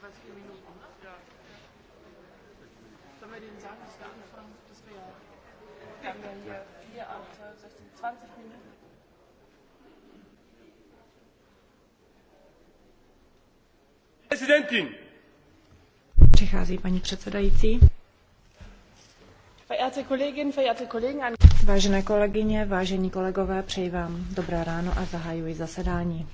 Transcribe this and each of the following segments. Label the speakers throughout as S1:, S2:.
S1: jeweils Minuten. Ja.
S2: Sollen wir denen sagen, dass wir anfangen, dass wir, ja hier 16, 20 Minuten.
S1: Präsidentin! Přichází paní předsedající.
S2: Verehrte Kolleginnen, verehrte Kollegen,
S1: Vážené kolegyně, vážení kolegové, přeji vám dobré ráno a zahajuji zasedání.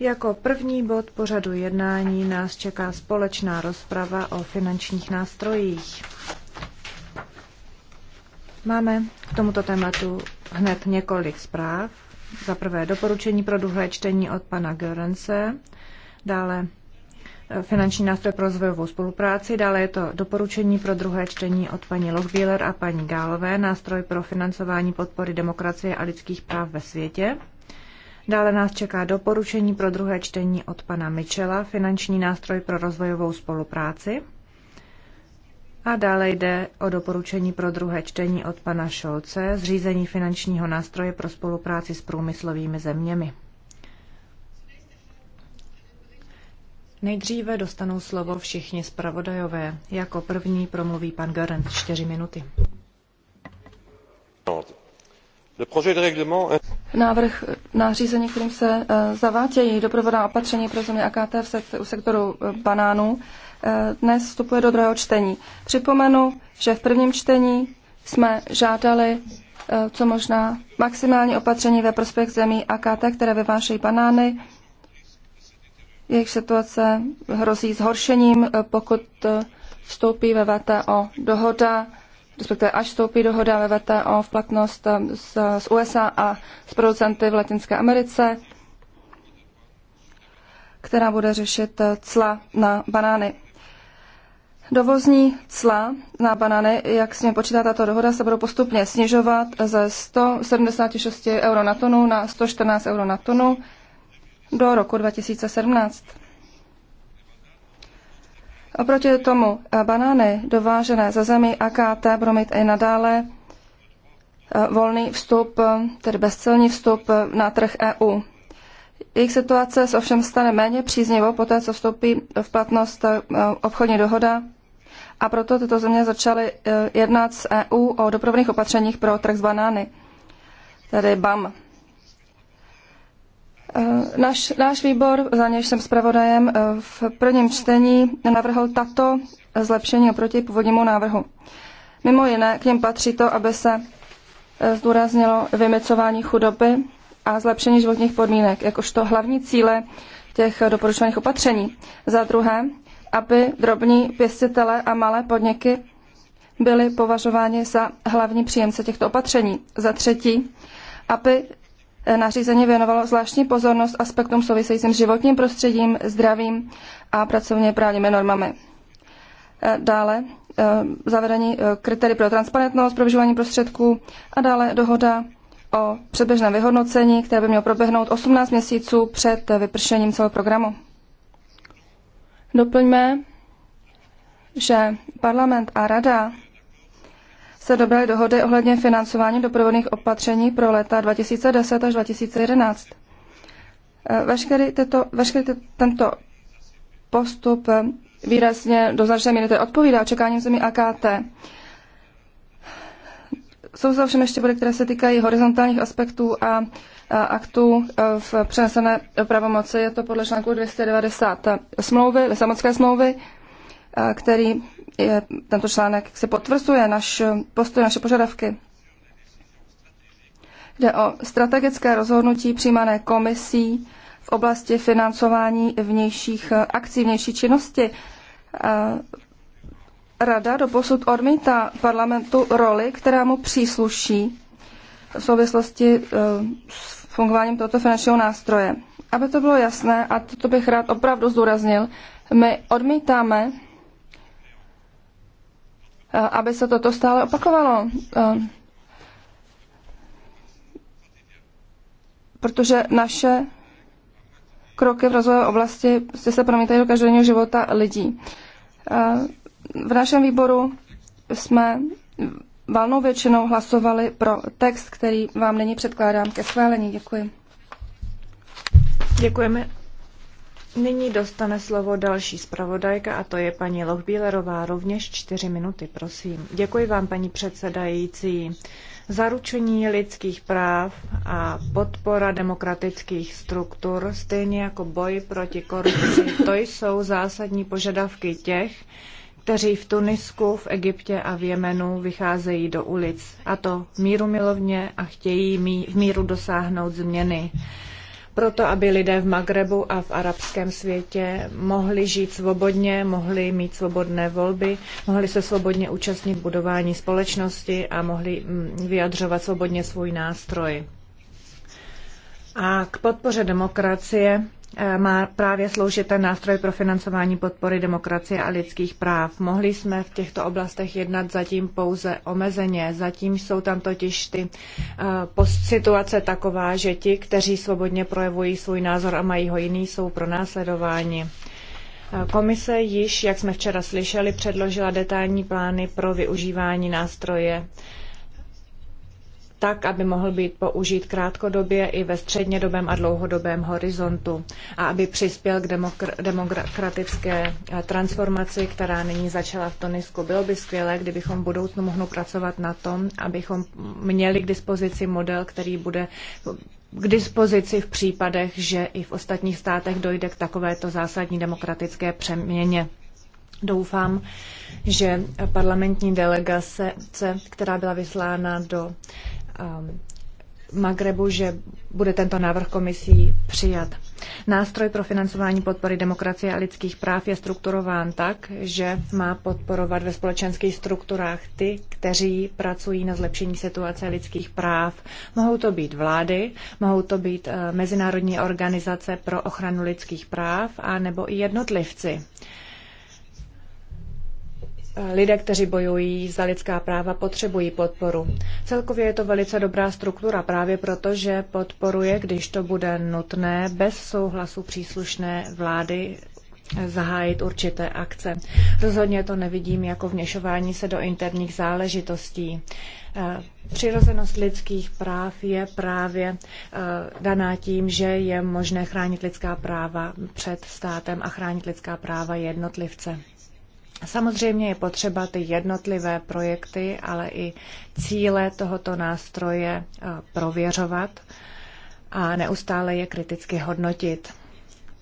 S1: Jako první bod pořadu jednání nás čeká společná rozprava o finančních nástrojích. Máme k tomuto tématu hned několik zpráv. Za prvé doporučení pro druhé čtení od pana Görence, dále eh, finanční nástroj pro rozvojovou spolupráci, dále je to doporučení pro druhé čtení od paní Lochbieler a paní Gálové, nástroj pro financování podpory demokracie a lidských práv ve světě. Dále nás čeká doporučení pro druhé čtení od pana Michela, finanční nástroj pro rozvojovou spolupráci. A dále jde o doporučení pro druhé čtení od pana Šolce, zřízení finančního nástroje pro spolupráci s průmyslovými zeměmi. Nejdříve dostanou slovo všichni zpravodajové. Jako první promluví pan Garant 4 minuty.
S3: No,
S2: Návrh nařízení, kterým se eh, zavádějí doprovodná opatření pro země AKT v sektoru eh, banánů, eh, dnes vstupuje do druhého čtení. Připomenu, že v prvním čtení jsme žádali co možná maximální opatření ve prospěch zemí AKT, které vyvážejí banány. Jejich situace hrozí zhoršením, pokud vstoupí ve VTO dohoda respektive až vstoupí dohoda ve VTO v platnost um, s, s USA a s producenty v Latinské Americe, která bude řešit eh, cla na banány. Dovozní cla na banány, jak s ním počítá tato dohoda, se budou postupně snižovat ze 176 euro na tonu na 114 euro na tonu do roku 2017. Oproti tomu eh, banány dovážené ze zemí AKT budou mít i nadále eh, volný vstup, eh, tedy bezcelní vstup na trh EU. Jejich situace se ovšem stane méně příznivou poté, co vstoupí v platnost obchodní dohoda a proto tyto země začaly jednat s EU o doprovných opatřeních pro trh z banány, tedy BAM. Eh, Naš, náš výbor, za něž jsem zpravodajem, eh, v prvním čtení navrhl tato zlepšení oproti původnímu návrhu. Mimo jiné k něm patří to, aby se eh, zdůraznilo vymecování chudoby a zlepšení životních podmínek, jakožto hlavní cíle těch doporučovaných opatření. Za druhé, aby drobní pěstitele a malé podniky byli považováni za hlavní příjemce těchto opatření. Za třetí, aby nařízení věnovalo zvláštní pozornost aspektům souvisejícím s životním prostředím, zdravím a pracovně právními normami. E, dále e, zavedení e, kritérií pro transparentnost pro využívání prostředků a dále dohoda o předběžném vyhodnocení, které by mělo proběhnout 18 měsíců před vypršením celého programu. Doplňme, že parlament a rada se dobili dohody ohledně financování doprovodných opatření pro léta 2010 až 2011. Eh, veškerý, tyto, veškerý ty, tento postup eh, výrazně do značné míry odpovídá očekáním zemí AKT. Jsou zde ovšem ještě body, které se týkají horizontálních aspektů a, a aktů eh, v přenesené pravomoci. Je to podle článku 290 smlouvy, Lisabonské smlouvy, který je, tento článek se potvrzuje naš postoj, naše požadavky. Jde o strategické rozhodnutí přijímané komisí v oblasti financování vnějších eh, akcí, vnější činnosti. Eh, Rada do posud odmítá parlamentu roli, která mu přísluší v souvislosti eh, s fungováním tohoto finančního nástroje. Aby to bylo jasné, a to bych rád opravdu zdůraznil, my odmítáme Eh, aby se toto stále opakovalo. Eh, protože naše kroky v rozvojové oblasti prostě se promítají do každodenního života lidí. Eh, v našem výboru jsme valnou většinou hlasovali pro text, který vám nyní předkládám ke schválení. Děkuji.
S1: Děkujeme Nyní dostane slovo další zpravodajka a to je paní Lochbílerová, rovněž čtyři minuty, prosím. Děkuji vám, paní předsedající. Zaručení lidských práv a podpora demokratických struktur, stejně jako boj proti korupci, to jsou zásadní požadavky těch, kteří v Tunisku, v Egyptě a v Jemenu vycházejí do ulic, a to míru milovně a chtějí mí, v míru dosáhnout změny proto aby lidé v Magrebu a v arabském světě mohli žít svobodně, mohli mít svobodné volby, mohli se svobodně účastnit budování společnosti a mohli mm, vyjadřovat svobodně svůj nástroj. A k podpoře demokracie Eh, má právě sloužit ten nástroj pro financování podpory demokracie a lidských práv. Mohli jsme v těchto oblastech jednat zatím pouze omezeně. Zatím jsou tam totiž ty uh, situace taková, že ti, kteří svobodně projevují svůj názor a mají ho jiný, jsou pronásledováni. Eh, komise již, jak jsme včera slyšeli, předložila detailní plány pro využívání nástroje tak, aby mohl být použít krátkodobě i ve střednědobém a dlouhodobém horizontu a aby přispěl k demokratické eh, transformaci, která nyní začala v Tunisku. Bylo by skvělé, kdybychom v budoucnu mohli pracovat na tom, abychom měli k dispozici model, který bude k dispozici v případech, že i v ostatních státech dojde k takovéto zásadní demokratické přeměně. Doufám, že parlamentní delegace, která byla vyslána do Um, Magrebu, že bude tento návrh komisí přijat. Nástroj pro financování podpory demokracie a lidských práv je strukturován tak, že má podporovat ve společenských strukturách ty, kteří pracují na zlepšení situace lidských práv. Mohou to být vlády, mohou to být eh, mezinárodní organizace pro ochranu lidských práv a nebo i jednotlivci lidé, kteří bojují za lidská práva, potřebují podporu. Celkově je to velice dobrá struktura právě proto, že podporuje, když to bude nutné, bez souhlasu příslušné vlády zahájit určité akce. Rozhodně to nevidím jako vněšování se do interních záležitostí. Eh, přirozenost lidských práv je právě eh, daná tím, že je možné chránit lidská práva před státem a chránit lidská práva jednotlivce. Samozřejmě je potřeba ty jednotlivé projekty, ale i cíle tohoto nástroje eh, prověřovat a neustále je kriticky hodnotit.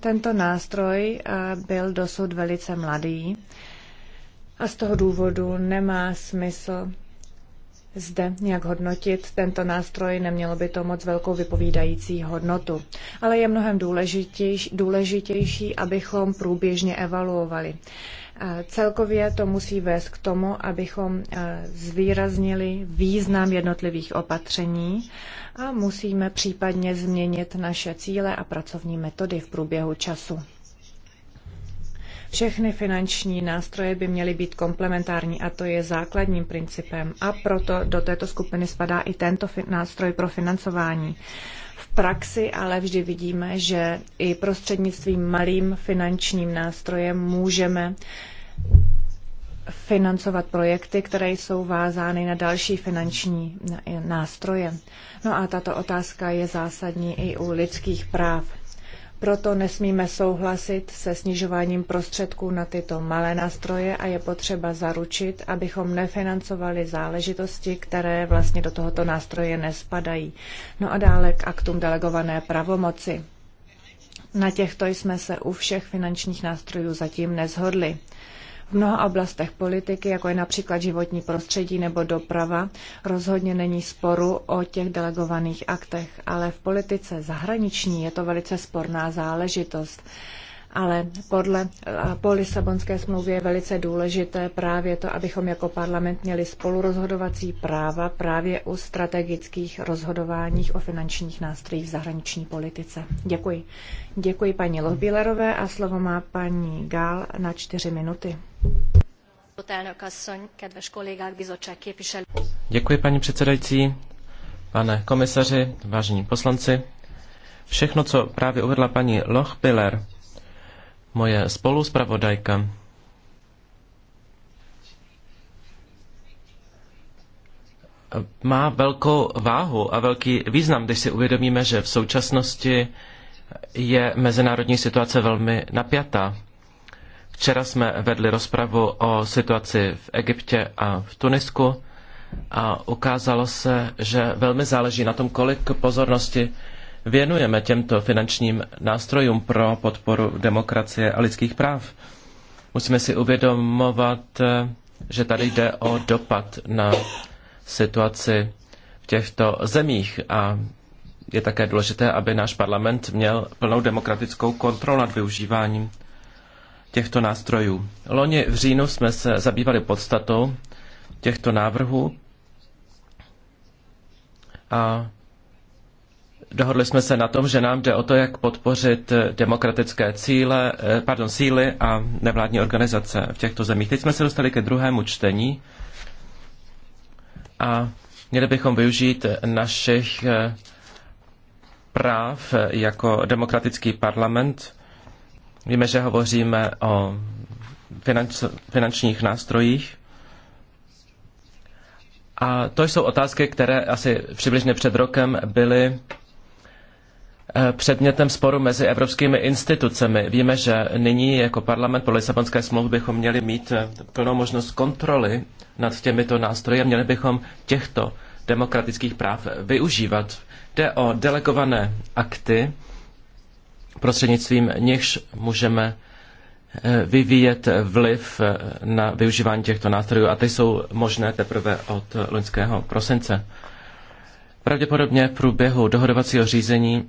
S1: Tento nástroj eh, byl dosud velice mladý a z toho důvodu nemá smysl zde nějak hodnotit tento nástroj, nemělo by to moc velkou vypovídající hodnotu. Ale je mnohem důležitější, důležitější abychom průběžně evaluovali. Celkově to musí vést k tomu, abychom e, zvýraznili význam jednotlivých opatření a musíme případně změnit naše cíle a pracovní metody v průběhu času. Všechny finanční nástroje by měly být komplementární a to je základním principem a proto do této skupiny spadá i tento nástroj pro financování. V praxi ale vždy vidíme, že i prostřednictvím malým finančním nástrojem můžeme financovat projekty, které jsou vázány na další finanční nástroje. No a tato otázka je zásadní i u lidských práv. Proto nesmíme souhlasit se snižováním prostředků na tyto malé nástroje a je potřeba zaručit, abychom nefinancovali záležitosti, které vlastně do tohoto nástroje nespadají. No a dále k aktům delegované pravomoci. Na těchto jsme se u všech finančních nástrojů zatím nezhodli. V mnoha oblastech politiky, jako je například životní prostředí nebo doprava, rozhodně není sporu o těch delegovaných aktech, ale v politice zahraniční je to velice sporná záležitost ale podle po Lisabonské smlouvě je velice důležité právě to, abychom jako parlament měli spolurozhodovací práva právě u strategických rozhodováních o finančních nástrojích v zahraniční politice. Děkuji. Děkuji paní Lohbílerové a slovo má paní Gál na čtyři minuty.
S3: Děkuji paní předsedající, pane komisaři, vážení poslanci. Všechno, co právě uvedla paní Lochbiller, moje spoluspravodajka. má velkou váhu a velký význam, když si uvědomíme, že v současnosti je mezinárodní situace velmi napjatá. Včera jsme vedli rozpravu o situaci v Egyptě a v Tunisku a ukázalo se, že velmi záleží na tom, kolik pozornosti věnujeme těmto finančním nástrojům pro podporu demokracie a lidských práv. Musíme si uvědomovat, eh, že tady jde o dopad na situaci v těchto zemích a je také důležité, aby náš parlament měl plnou demokratickou kontrolu nad využíváním těchto nástrojů. Loni v říjnu jsme se zabývali podstatou těchto návrhů a Dohodli jsme se na tom, že nám jde o to, jak podpořit eh, demokratické cíle, eh, pardon, síly a nevládní organizace v těchto zemích. Teď jsme se dostali ke druhému čtení a měli bychom využít eh, našich práv jako demokratický parlament. Víme, že hovoříme o finančních nástrojích. A to jsou otázky, které asi přibližně před rokem byly Eh, předmětem sporu mezi evropskými institucemi. Víme, že nyní jako parlament po Lisabonské smlouvy bychom měli mít eh, plnou možnost kontroly nad těmito nástroji a měli bychom těchto demokratických práv využívat. Jde o delegované akty, prostřednictvím nichž můžeme eh, vyvíjet vliv na využívání těchto nástrojů a ty jsou možné teprve od loňského prosince. Pravděpodobně v průběhu dohodovacího řízení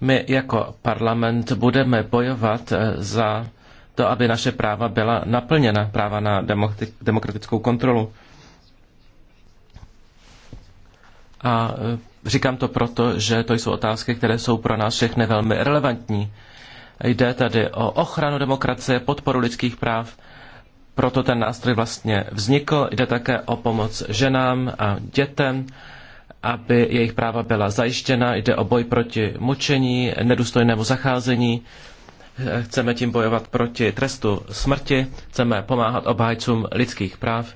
S3: my jako parlament budeme bojovat eh, za to, aby naše práva byla naplněna, práva na demokratickou kontrolu. A eh, říkám to proto, že to jsou otázky, které jsou pro nás všechny velmi relevantní. Jde tady o ochranu demokracie, podporu lidských práv, proto ten nástroj vlastně vznikl. Jde také o pomoc ženám a dětem, aby jejich práva byla zajištěna. Jde o boj proti mučení, nedůstojnému zacházení. Chceme tím bojovat proti trestu smrti. Chceme pomáhat obhájcům lidských práv,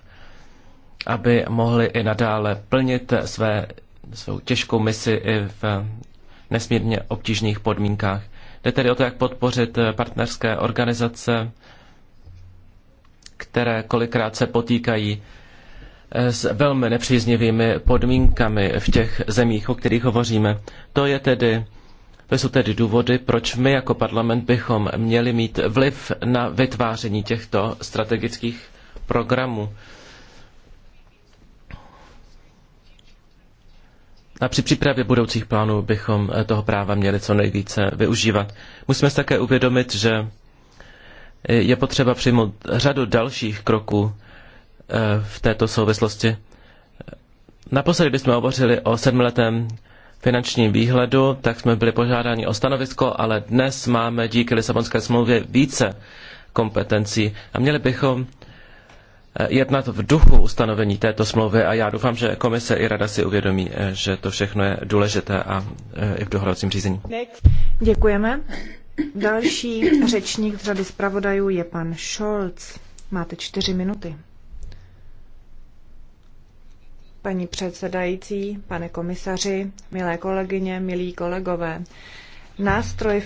S3: aby mohli i nadále plnit své, svou těžkou misi i v nesmírně obtížných podmínkách. Jde tedy o to, jak podpořit partnerské organizace, které kolikrát se potýkají Eh, s velmi nepříznivými podmínkami v těch zemích, o kterých hovoříme. To, je tedy, to jsou tedy důvody, proč my jako parlament bychom měli mít vliv na vytváření těchto strategických programů. A při přípravě budoucích plánů bychom eh, toho práva měli co nejvíce využívat. Musíme si také uvědomit, že eh, je potřeba přijmout řadu dalších kroků, v této souvislosti. Naposledy, když jsme hovořili o sedmiletém finančním výhledu, tak jsme byli požádáni o stanovisko, ale dnes máme díky Lisabonské smlouvě více kompetencí a měli bychom eh, jednat v duchu ustanovení této smlouvy a já doufám, že komise i rada si uvědomí, eh, že to všechno je důležité a eh, i v dohodovacím řízení.
S1: Děkujeme. Další řečník z řady zpravodajů je pan Scholz. Máte čtyři minuty paní předsedající, pane komisaři, milé kolegyně, milí kolegové. Nástroj,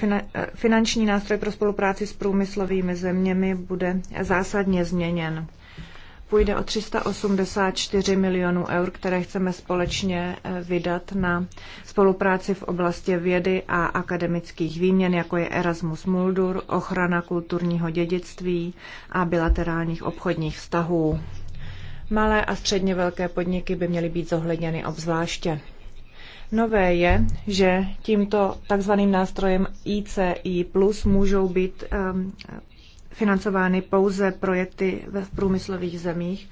S1: finanční nástroj pro spolupráci s průmyslovými zeměmi bude zásadně změněn. Půjde o 384 milionů eur, které chceme společně eh, vydat na spolupráci v oblasti vědy a akademických výměn, jako je Erasmus Muldur, ochrana kulturního dědictví a bilaterálních obchodních vztahů. Malé a středně velké podniky by měly být zohledněny obzvláště. Nové je, že tímto takzvaným nástrojem ICI plus můžou být um, financovány pouze projekty ve průmyslových zemích,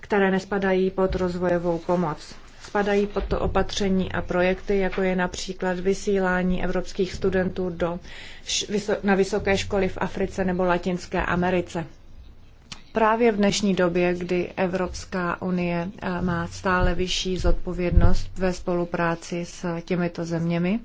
S1: které nespadají pod rozvojovou pomoc. Spadají pod to opatření a projekty, jako je například vysílání evropských studentů do, na vysoké školy v Africe nebo Latinské Americe. Právě v dnešní době, kdy Evropská unie eh, má stále vyšší zodpovědnost ve spolupráci s těmito zeměmi,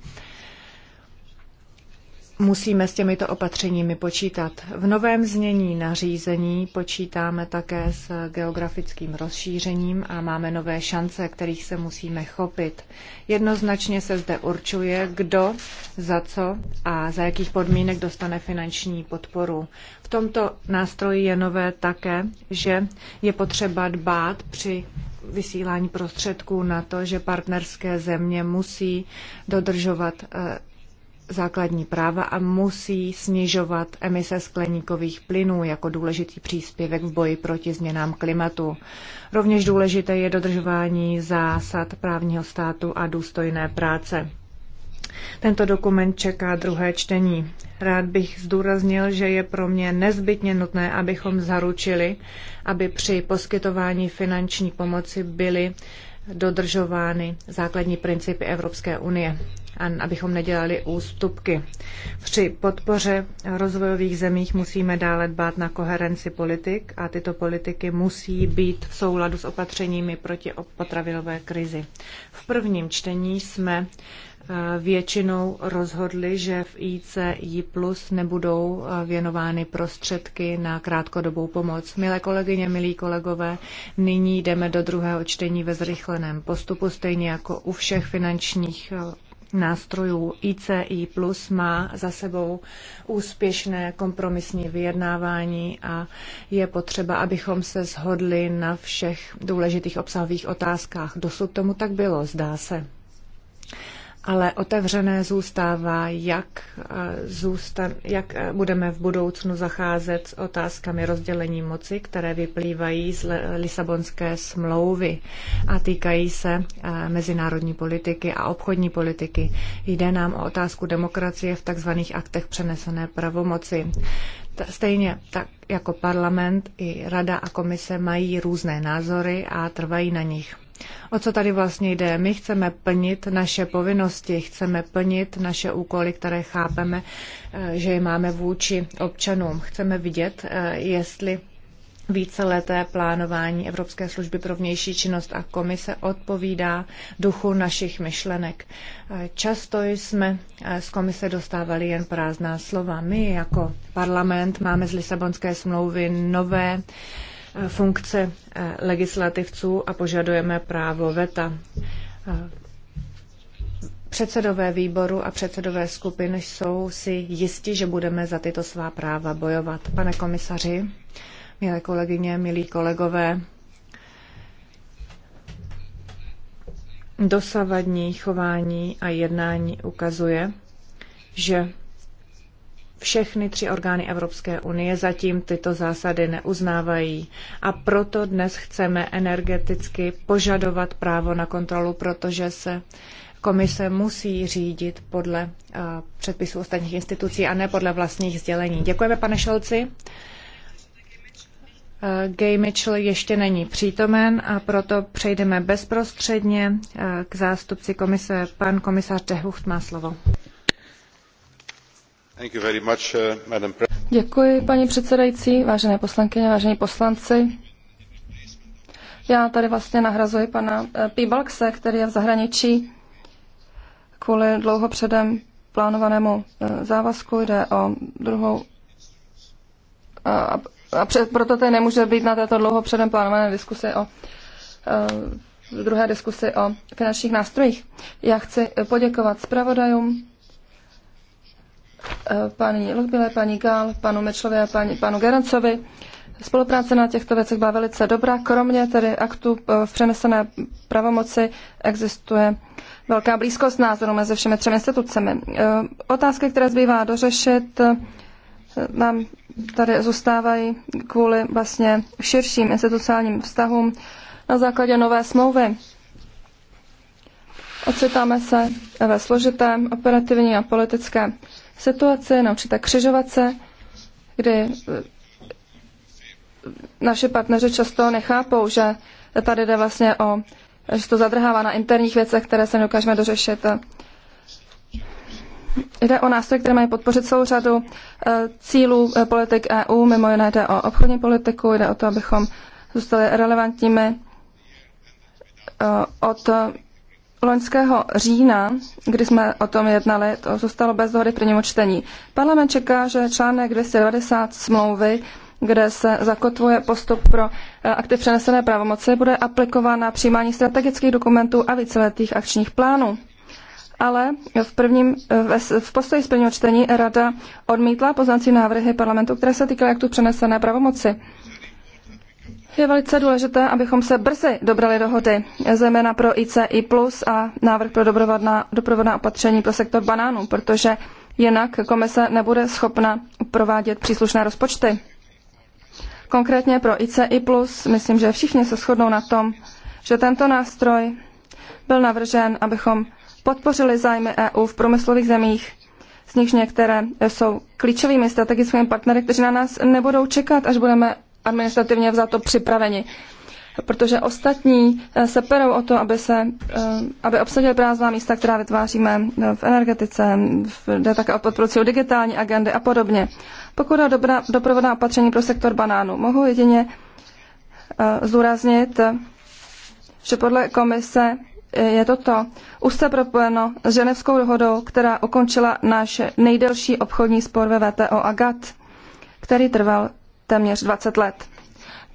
S1: musíme s těmito opatřeními počítat. V novém znění nařízení počítáme také s geografickým rozšířením a máme nové šance, kterých se musíme chopit. Jednoznačně se zde určuje, kdo, za co a za jakých podmínek dostane finanční podporu. V tomto nástroji je nové také, že je potřeba dbát při vysílání prostředků na to, že partnerské země musí dodržovat eh, základní práva a musí snižovat emise skleníkových plynů jako důležitý příspěvek v boji proti změnám klimatu. Rovněž důležité je dodržování zásad právního státu a důstojné práce. Tento dokument čeká druhé čtení. Rád bych zdůraznil, že je pro mě nezbytně nutné, abychom zaručili, aby při poskytování finanční pomoci byly dodržovány základní principy Evropské unie a abychom nedělali ústupky. Při podpoře rozvojových zemích musíme dále dbát na koherenci politik a tyto politiky musí být v souladu s opatřeními proti potravinové krizi. V prvním čtení jsme Eh, většinou rozhodli, že v ICI plus nebudou eh, věnovány prostředky na krátkodobou pomoc. Milé kolegyně, milí kolegové, nyní jdeme do druhého čtení ve zrychleném postupu, stejně jako u všech finančních eh, nástrojů ICI Plus má za sebou úspěšné kompromisní vyjednávání a je potřeba, abychom se shodli na všech důležitých obsahových otázkách. Dosud tomu tak bylo, zdá se ale otevřené zůstává, jak, eh, zůstan, jak eh, budeme v budoucnu zacházet s otázkami rozdělení moci, které vyplývají z Lisabonské smlouvy a týkají se eh, mezinárodní politiky a obchodní politiky. Jde nám o otázku demokracie v tzv. aktech přenesené pravomoci. Stejně tak jako parlament, i rada a komise mají různé názory a trvají na nich. O co tady vlastně jde? My chceme plnit naše povinnosti, chceme plnit naše úkoly, které chápeme, eh, že je máme vůči občanům. Chceme vidět, eh, jestli víceleté plánování Evropské služby pro vnější činnost a komise odpovídá duchu našich myšlenek. Eh, často jsme z komise dostávali jen prázdná slova. My jako parlament máme z Lisabonské smlouvy nové funkce eh, legislativců a požadujeme právo veta. Eh, předsedové výboru a předsedové skupin jsou si jisti, že budeme za tyto svá práva bojovat. Pane komisaři, milé kolegyně, milí kolegové, dosavadní chování a jednání ukazuje, že všechny tři orgány Evropské unie zatím tyto zásady neuznávají. A proto dnes chceme energeticky požadovat právo na kontrolu, protože se komise musí řídit podle eh, předpisů ostatních institucí a ne podle vlastních sdělení. Děkujeme, pane Šolci. Eh, Gay Mitchell ještě není přítomen a proto přejdeme bezprostředně eh, k zástupci komise. Pan komisař Dehucht má slovo. Uh, Děkuji, paní předsedající, vážené poslankyně,
S2: vážení poslanci. Já tady vlastně nahrazuji pana eh, Pibalkse, který je v zahraničí kvůli dlouho předem plánovanému eh, závazku. Jde o druhou a, proto tady nemůže být na této dlouho předem plánované diskusi o eh, druhé diskusi o finančních nástrojích. Já chci poděkovat zpravodajům, paní Lubile, paní Gál, panu Mečlovi a paní, panu Gerancovi. Spolupráce na těchto věcech byla velice dobrá, kromě tedy aktu eh, v přenesené pravomoci existuje velká blízkost názorů mezi všemi třemi institucemi. Eh, otázky, které zbývá dořešit, eh, nám tady zůstávají kvůli vlastně širším institucionálním vztahům na základě nové smlouvy. Ocitáme se ve složitém operativní a politické situaci, na určité křižovatce, kdy eh, naše partneři často nechápou, že tady jde vlastně o, že to zadrhává na interních věcech, které se dokážeme dořešit. Jde o nástroje, které mají podpořit celou řadu eh, cílů eh, politik EU, mimo jiné jde o obchodní politiku, jde o to, abychom zůstali relevantními od loňského října, kdy jsme o tom jednali, to zůstalo bez dohody v prvním čtení. Parlament čeká, že článek 290 smlouvy, kde se zakotvuje postup pro eh, aktiv přenesené pravomoci, bude aplikován na přijímání strategických dokumentů a víceletých akčních plánů. Ale v, prvním, eh, v postoji z prvního čtení Rada odmítla poznací návrhy parlamentu, které se týkaly aktu přenesené pravomoci. Je velice důležité, abychom se brzy dobrali dohody, zejména pro ICI plus a návrh pro doprovodná, doprovodná opatření pro sektor banánů, protože jinak komise nebude schopna provádět příslušné rozpočty. Konkrétně pro ICI plus myslím, že všichni se shodnou na tom, že tento nástroj byl navržen, abychom podpořili zájmy EU v průmyslových zemích, z nichž některé jsou klíčovými strategickými partnery, kteří na nás nebudou čekat, až budeme administrativně vzato připraveni. Protože ostatní eh, se perou o to, aby, se, eh, aby obsadili prázdná místa, která vytváříme eh, v energetice, jde také o podporu digitální agendy a podobně. Pokud je dobrá doprovodná opatření pro sektor banánů, mohu jedině zdůraznit, že podle komise je toto úzce propojeno s ženevskou dohodou, která ukončila náš nejdelší obchodní spor ve VTO a GATT, který trval téměř 20 let.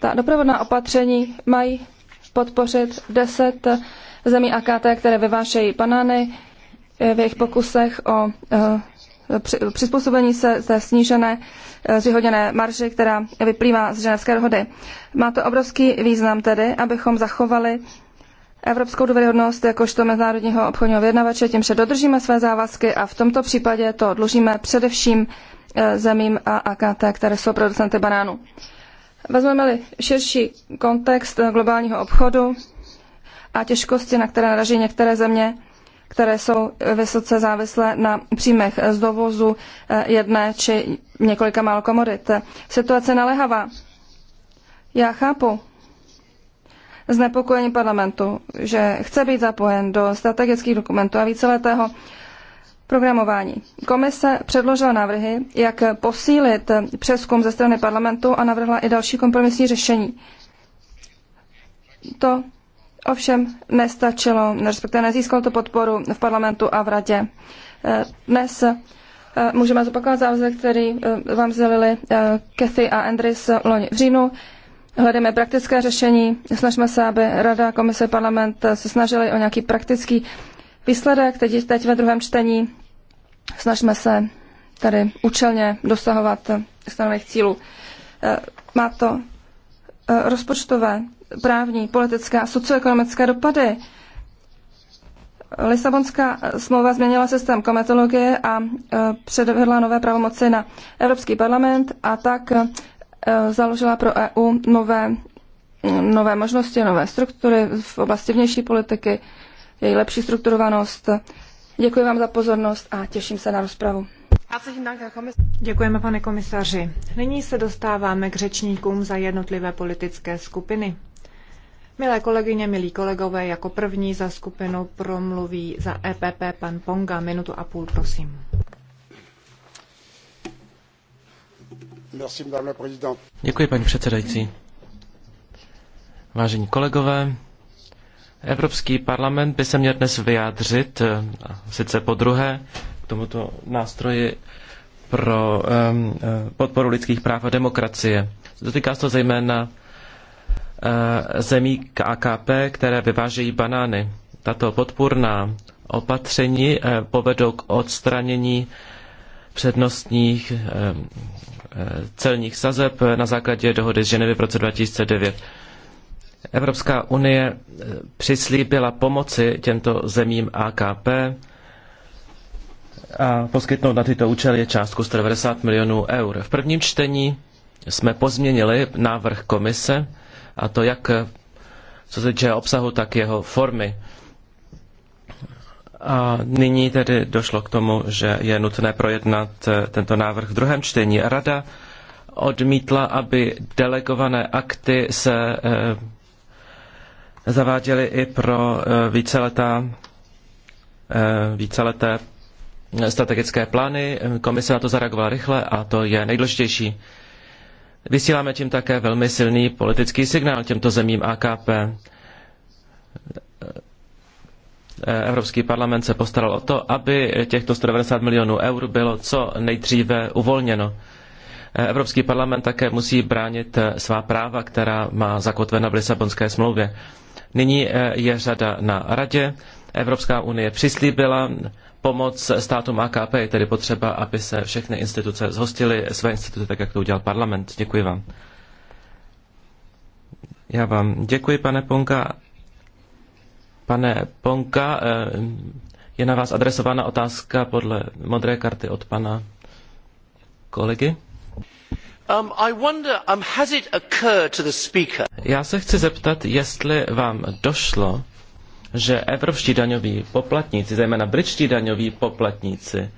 S2: Ta doprovodná opatření mají podpořit 10 zemí AKT, které vyvášejí banány eh, v jejich pokusech o eh, přizpůsobení se té snížené eh, zvýhodněné marži, která vyplývá z ženevské dohody. Má to obrovský význam tedy, abychom zachovali evropskou důvěryhodnost jakožto mezinárodního obchodního vyjednavače, tím, že dodržíme své závazky a v tomto případě to dlužíme především Eh, zemím a AKT, které jsou producenty banánů. Vezmeme-li širší kontext globálního obchodu a těžkosti, na které naraží některé země, které jsou vysoce závislé na příjmech z dovozu eh, jedné či několika málo komodit. Situace nalehavá. Já chápu znepokojení parlamentu, že chce být zapojen do strategických dokumentů a víceletého programování. Komise předložila návrhy, jak posílit přeskum ze strany parlamentu a navrhla i další kompromisní řešení. To ovšem nestačilo, respektive nezískalo to podporu v parlamentu a v radě. Eh, dnes eh, můžeme zopakovat závazek, který eh, vám sdělili Kathy a Andris loni v říjnu. Hledáme praktické řešení, snažíme se, aby Rada, Komise, Parlament se snažili o nějaký praktický výsledek, teď, teď ve druhém čtení. Snažíme se tady účelně dosahovat stanovených cílů. Eh, má to eh, rozpočtové, právní, politické a socioekonomické dopady. Lisabonská smlouva změnila systém kometologie a eh, předvedla nové pravomoci na Evropský parlament a tak založila pro EU nové, nové možnosti, nové struktury v oblasti vnější politiky, její lepší strukturovanost. Děkuji vám za pozornost a těším se na rozpravu.
S1: Děkujeme, pane komisaři. Nyní se dostáváme k řečníkům za jednotlivé politické skupiny. Milé kolegyně, milí kolegové, jako první za skupinu promluví za EPP pan Ponga. Minutu a půl, prosím.
S3: Děkuji, paní předsedající. Vážení kolegové, Evropský parlament by se měl dnes vyjádřit, eh, sice po druhé, k tomuto nástroji pro um, podporu lidských práv a demokracie. Dotýká se to zejména uh, zemí AKP, které vyvážejí banány. Tato podpůrná opatření uh, povedou k odstranění přednostních uh, celních sazeb na základě dohody z Ženevy v roce 2009. Evropská unie eh, přislíbila pomoci těmto zemím AKP a poskytnout na tyto účely částku 190 milionů eur. V prvním čtení jsme pozměnili návrh komise a to jak eh, co se týče obsahu, tak jeho formy. A nyní tedy došlo k tomu, že je nutné projednat eh, tento návrh v druhém čtení. Rada odmítla, aby delegované akty se zaváděli i pro eh, víceletá, eh, víceleté strategické plány. Komise na to zareagovala rychle a to je nejdůležitější. Vysíláme tím také velmi silný politický signál těmto zemím AKP. Eh, Evropský parlament se postaral o to, aby těchto 190 milionů eur bylo co nejdříve uvolněno. Evropský parlament také musí bránit eh, svá práva, která má zakotvena v Lisabonské smlouvě. Nyní eh, je řada na radě. Evropská unie přislíbila pomoc státům AKP, je tedy potřeba, aby se všechny instituce zhostily své instituce, tak jak to udělal parlament. Děkuji vám. Já vám děkuji, pane Ponka. Pane Ponka, eh, je na vás adresována otázka podle modré karty od pana kolegy. Já se chci zeptat, jestli vám došlo, že evropští daňoví poplatníci, zejména britští daňoví poplatníci,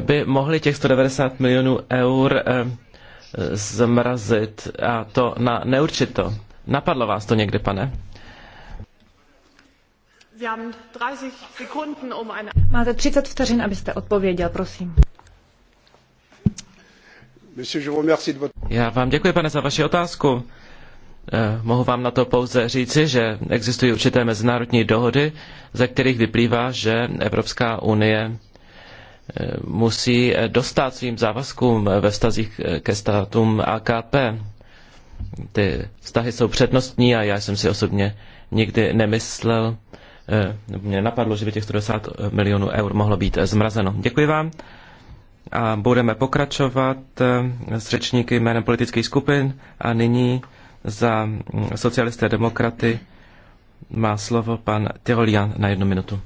S3: by mohli těch 190 milionů eur eh, zmrazit a to na neurčito. Napadlo vás to někdy, pane?
S1: Máte 30 vteřin, abyste odpověděl, prosím.
S3: Já vám děkuji, pane, za vaši otázku. Eh, mohu vám na to pouze říci, že existují určité mezinárodní dohody, ze kterých vyplývá, že Evropská unie eh, musí eh, dostat svým závazkům ve vztazích ke státům AKP. Ty vztahy jsou přednostní a já jsem si osobně nikdy nemyslel, mě napadlo, že by těch 110 milionů eur mohlo být zmrazeno. Děkuji vám a budeme pokračovat eh, s řečníky jménem politických skupin a nyní za mm, socialisté demokraty má slovo pan Tyrolian na jednu minutu.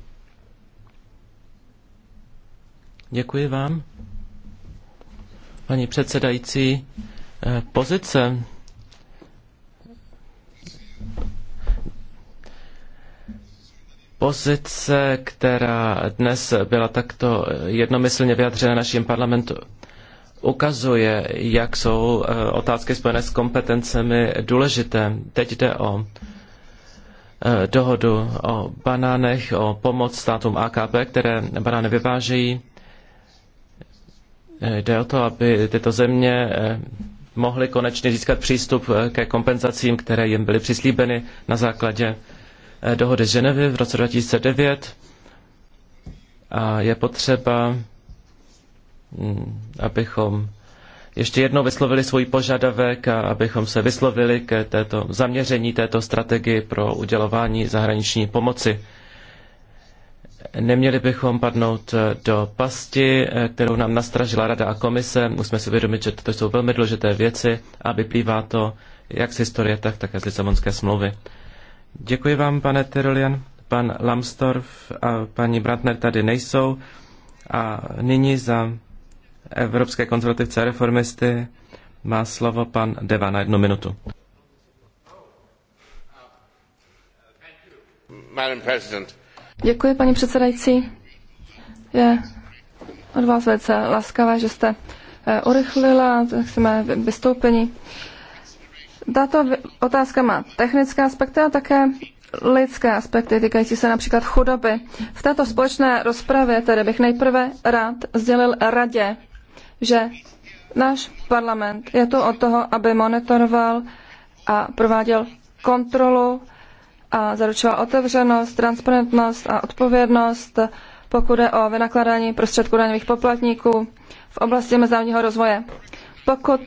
S3: Děkuji vám. Paní předsedající, eh, pozice pozice, která dnes byla takto jednomyslně vyjadřena naším parlamentu, ukazuje, jak jsou eh, otázky spojené s kompetencemi důležité. Teď jde o eh, dohodu o banánech, o pomoc státům AKP, které banány vyvážejí. Eh, jde o to, aby tyto země mohly konečně získat přístup ke kompenzacím, které jim byly přislíbeny na základě Eh, dohody z Ženevy v roce 2009 a je potřeba, mm, abychom ještě jednou vyslovili svůj požadavek a abychom se vyslovili k této zaměření této strategii pro udělování zahraniční pomoci. Neměli bychom padnout eh, do pasti, eh, kterou nám nastražila Rada a komise. Musíme si uvědomit, že to jsou velmi důležité věci a vyplývá to jak z historie, tak také z Lisabonské smlouvy. Děkuji vám, pane Tyrolian. Pan Lamstorf a paní Brantner tady nejsou. A nyní za Evropské konzervativce a reformisty má slovo pan Deva na jednu minutu.
S2: Děkuji, paní předsedající. Je od vás velice laskavé, že jste eh, urychlila tak mé vystoupení. Tato otázka má technické aspekty a také lidské aspekty týkající se například chudoby. V této společné rozpravě tedy bych nejprve rád sdělil radě, že náš parlament je tu od toho, aby monitoroval a prováděl kontrolu a zaručoval otevřenost, transparentnost a odpovědnost, pokud je o vynakládání prostředků daňových poplatníků v oblasti mezinárodního rozvoje. Pokud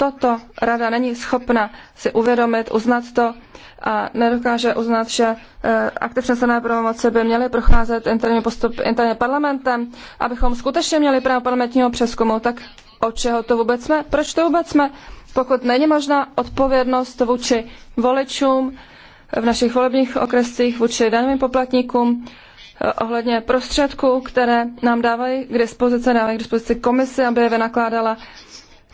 S2: toto rada není schopna si uvědomit, uznat to a nedokáže uznat, že eh, aktiv přenesené pravomoci by měly procházet interní postup interně parlamentem, abychom skutečně měli právo parlamentního přeskumu, tak od čeho to vůbec jsme? Proč to vůbec jsme? Pokud není možná odpovědnost vůči voličům v našich volebních okrescích, vůči daným poplatníkům, eh, ohledně prostředků, které nám dávají k dispozici, dávají k dispozici komisi, aby je vynakládala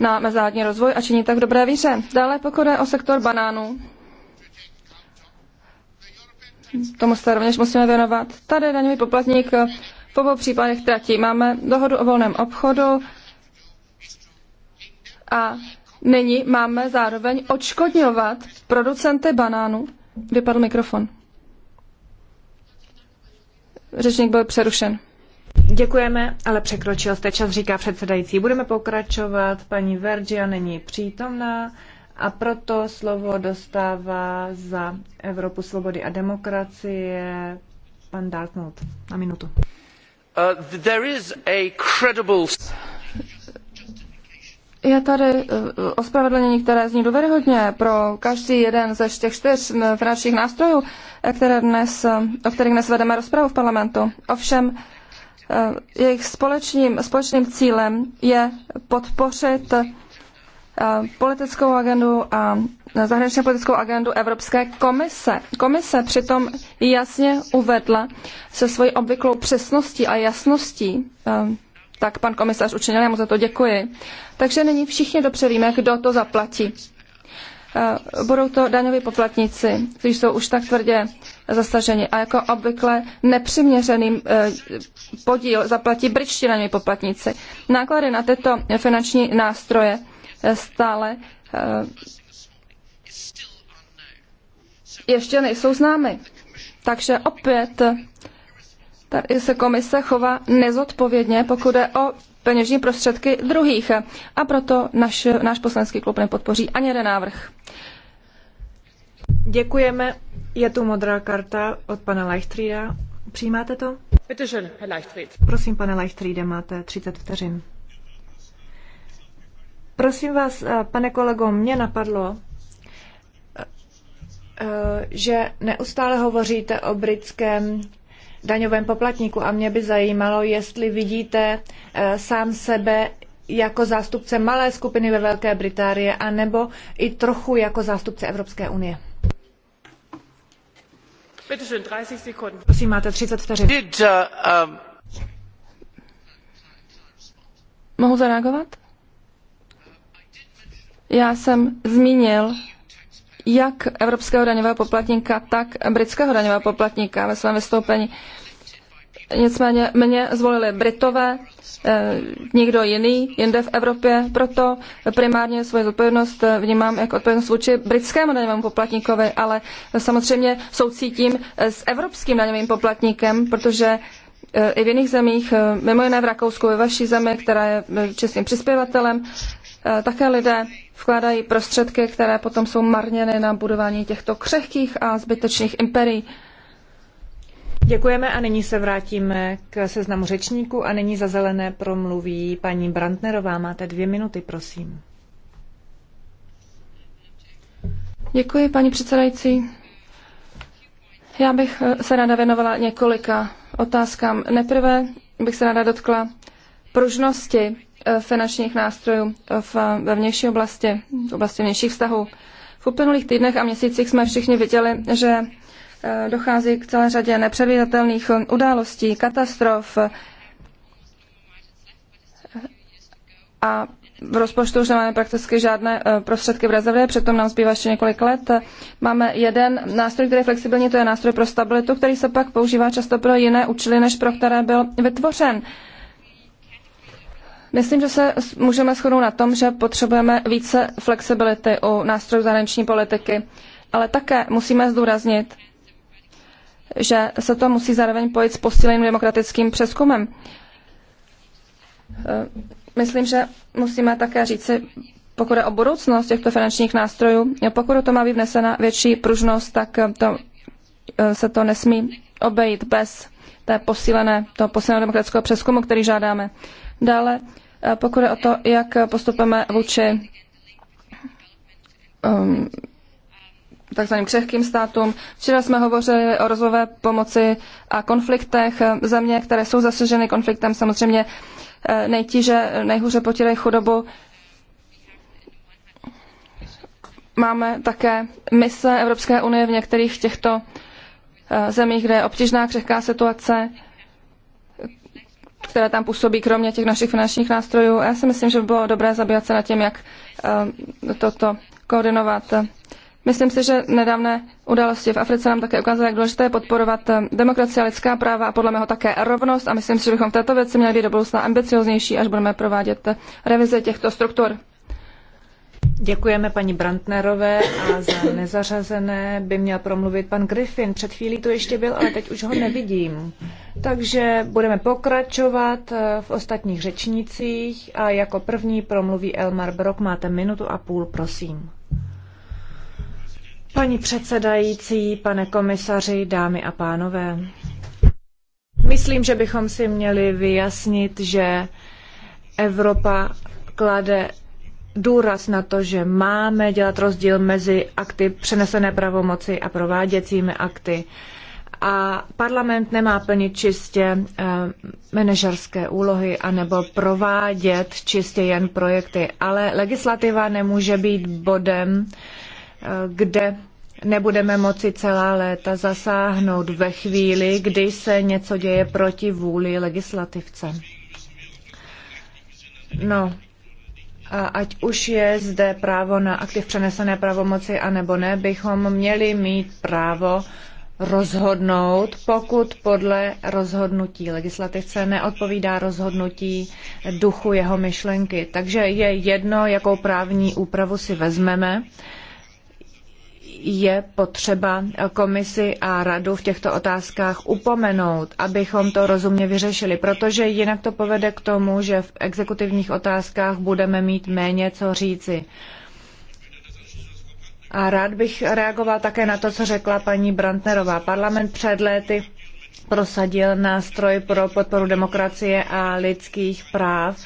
S2: na mezinárodní rozvoj a činí tak v dobré víře. Dále pokud je o sektor banánů, tomu se rovněž musíme věnovat. Tady daňový poplatník v obou případech tratí. Máme dohodu o volném obchodu a nyní máme zároveň odškodňovat producenty banánů. Vypadl mikrofon. Řečník byl přerušen.
S1: Děkujeme, ale překročil jste čas, říká předsedající. Budeme pokračovat. Paní Vergia není přítomná a proto slovo dostává za Evropu svobody a demokracie pan Dartmouth na minutu.
S2: Uh, there is a credible...
S1: Je tady uh, ospravedlnění, které zní
S2: důvěryhodně pro každý jeden ze těch čtyř uh, finančních nástrojů, které dnes, uh, o kterých dnes vedeme rozpravu v parlamentu. Ovšem, Eh, jejich společným, společným cílem je podpořit eh, politickou agendu a zahraničně politickou agendu Evropské komise. Komise přitom jasně uvedla se svojí obvyklou přesností a jasností, eh, tak pan komisař učinil, já mu za to děkuji. Takže nyní všichni dobře víme, kdo to zaplatí. Eh, budou to daňoví poplatníci, kteří jsou už tak tvrdě zasaženi a jako obvykle nepřiměřený eh, podíl zaplatí britští daňoví poplatníci. Náklady na tyto finanční nástroje eh, stále ještě nejsou známy. Takže opět tady se komise chová nezodpovědně, pokud je o peněžní prostředky druhých. A proto naš, náš poslanecký klub nepodpoří ani jeden
S1: návrh. Děkujeme. Je tu modrá karta od pana Leichtrida. Přijímáte to? Prosím, pane Leichtríde, máte 30 vteřin. Prosím vás, eh, pane kolego, mě napadlo, eh, eh, že neustále hovoříte o britském daňovém poplatníku a mě by zajímalo, jestli vidíte eh, sám sebe jako zástupce malé skupiny ve Velké Británii, anebo i trochu jako zástupce Evropské unie. Prosím, máte 30 vteřin.
S3: Uh, um,
S2: Mohu zareagovat? Já jsem zmínil jak evropského daňového poplatníka, tak britského daňového poplatníka ve svém vystoupení. Nicméně mě zvolili Britové, eh, nikdo jiný, jinde v Evropě, proto primárně svoji zodpovědnost eh, vnímám jako odpovědnost vůči britskému daňovému poplatníkovi, ale samozřejmě soucítím eh, s evropským daňovým poplatníkem, protože i v jiných zemích, mimo jiné v Rakousku, ve vaší zemi, která je čestným přispěvatelem, také lidé vkládají prostředky, které potom jsou marněny na budování těchto křehkých a zbytečných imperií.
S1: Děkujeme a nyní se vrátíme k seznamu řečníků a nyní za zelené promluví paní Brandnerová. Máte dvě minuty, prosím.
S2: Děkuji, paní předsedající. Já bych eh, se ráda věnovala několika otázkám. Neprve bych se ráda dotkla pružnosti Eh, finančních nástrojů eh, v, eh, ve vnější oblasti, v oblasti vnějších vztahů. V uplynulých týdnech a měsících jsme všichni viděli, že dochází k celé řadě nepředvídatelných událostí, katastrof a v rozpočtu už nemáme prakticky žádné prostředky v rezervě, přitom nám zbývá ještě několik let. Máme jeden nástroj, který je flexibilní, to je nástroj pro stabilitu, který se pak používá často pro jiné účely, než pro které byl vytvořen. Myslím, že se můžeme shodnout na tom, že potřebujeme více flexibility u nástrojů zahraniční politiky, ale také musíme zdůraznit, že se to musí zároveň pojít s posíleným demokratickým přeskumem. E, myslím, že musíme také říci, pokud je o budoucnost těchto finančních nástrojů, pokud to má být vnesena větší pružnost, tak to, e, se to nesmí obejít bez té posílené, toho posíleného demokratického přeskumu, který žádáme. Dále, eh, pokud je o to, jak postupujeme vůči um, takzvaným křehkým státům. Včera jsme hovořili o rozvojové pomoci a konfliktech. Eh, země, které jsou zasaženy konfliktem, samozřejmě eh, nejtíže, nejhůře potírají chudobu. Máme také mise Evropské unie v některých těchto zemích, kde je obtížná křehká situace které tam působí, kromě těch našich finančních nástrojů. Já si myslím, že by bylo dobré zabývat se na tím, jak eh, toto koordinovat. Myslím si, že nedávné události v Africe nám také ukázaly, jak důležité je podporovat eh, demokracie a lidská práva a podle mého také rovnost a myslím si, že bychom v této věci měli být do budoucna ambicioznější, až
S1: budeme provádět eh, revize těchto struktur. Děkujeme paní Brantnerové a za nezařazené by měl promluvit pan Griffin. Před chvílí to ještě byl, ale teď už ho nevidím. Takže budeme pokračovat eh, v ostatních řečnicích a jako první promluví Elmar Brok. Máte minutu a půl, prosím. Paní předsedající, pane komisaři, dámy a pánové, myslím, že bychom si měli vyjasnit, že Evropa klade důraz na to, že máme dělat rozdíl mezi akty přenesené pravomoci a prováděcími akty. A parlament nemá plnit čistě eh, manažerské úlohy anebo provádět čistě jen projekty, ale legislativa nemůže být bodem, eh, kde nebudeme moci celá léta zasáhnout ve chvíli, kdy se něco děje proti vůli legislativce. No, ať už je zde právo na aktiv přenesené pravomoci, anebo ne, bychom měli mít právo rozhodnout, pokud podle rozhodnutí legislativce neodpovídá rozhodnutí duchu jeho myšlenky. Takže je jedno, jakou právní úpravu si vezmeme, je potřeba komisi a radu v těchto otázkách upomenout, abychom to rozumně vyřešili, protože jinak to povede k tomu, že v exekutivních otázkách budeme mít méně co říci. A rád bych reagoval také na to, co řekla paní Brantnerová. Parlament před léty prosadil nástroj pro podporu demokracie a lidských práv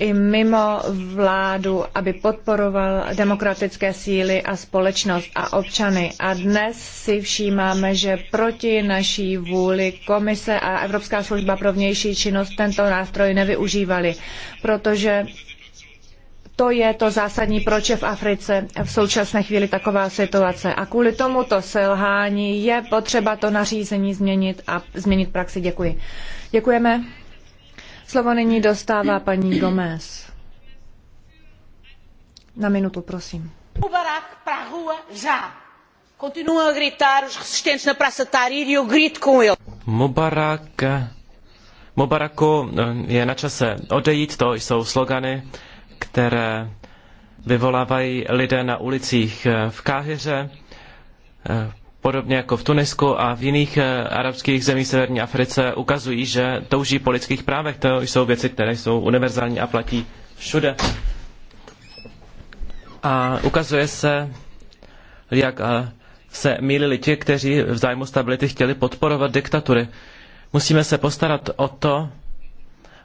S1: i mimo vládu, aby podporoval demokratické síly a společnost a občany. A dnes si všímáme, že proti naší vůli komise a Evropská služba pro vnější činnost tento nástroj nevyužívali, protože to je to zásadní, proč je v Africe v současné chvíli taková situace. A kvůli tomuto selhání je potřeba to nařízení změnit a změnit praxi. Děkuji. Děkujeme. Slovo nyní dostává paní Gomez. Na minutu, prosím. Mubarak pra já. Continuam a gritar os resistentes na Praça Tahrir e eu grito com ele.
S3: Mubarak, Mubaraku eh, je na čase odejít, to jsou slogany, které vyvolávají lidé na ulicích eh, v Káhyře eh, podobně jako v Tunisku a v jiných eh, arabských zemích Severní Africe, ukazují, že touží po lidských právech. To jsou věci, které jsou univerzální a platí všude. A ukazuje se, jak eh, se mýlili ti, kteří v zájmu stability chtěli podporovat diktatury. Musíme se postarat o to,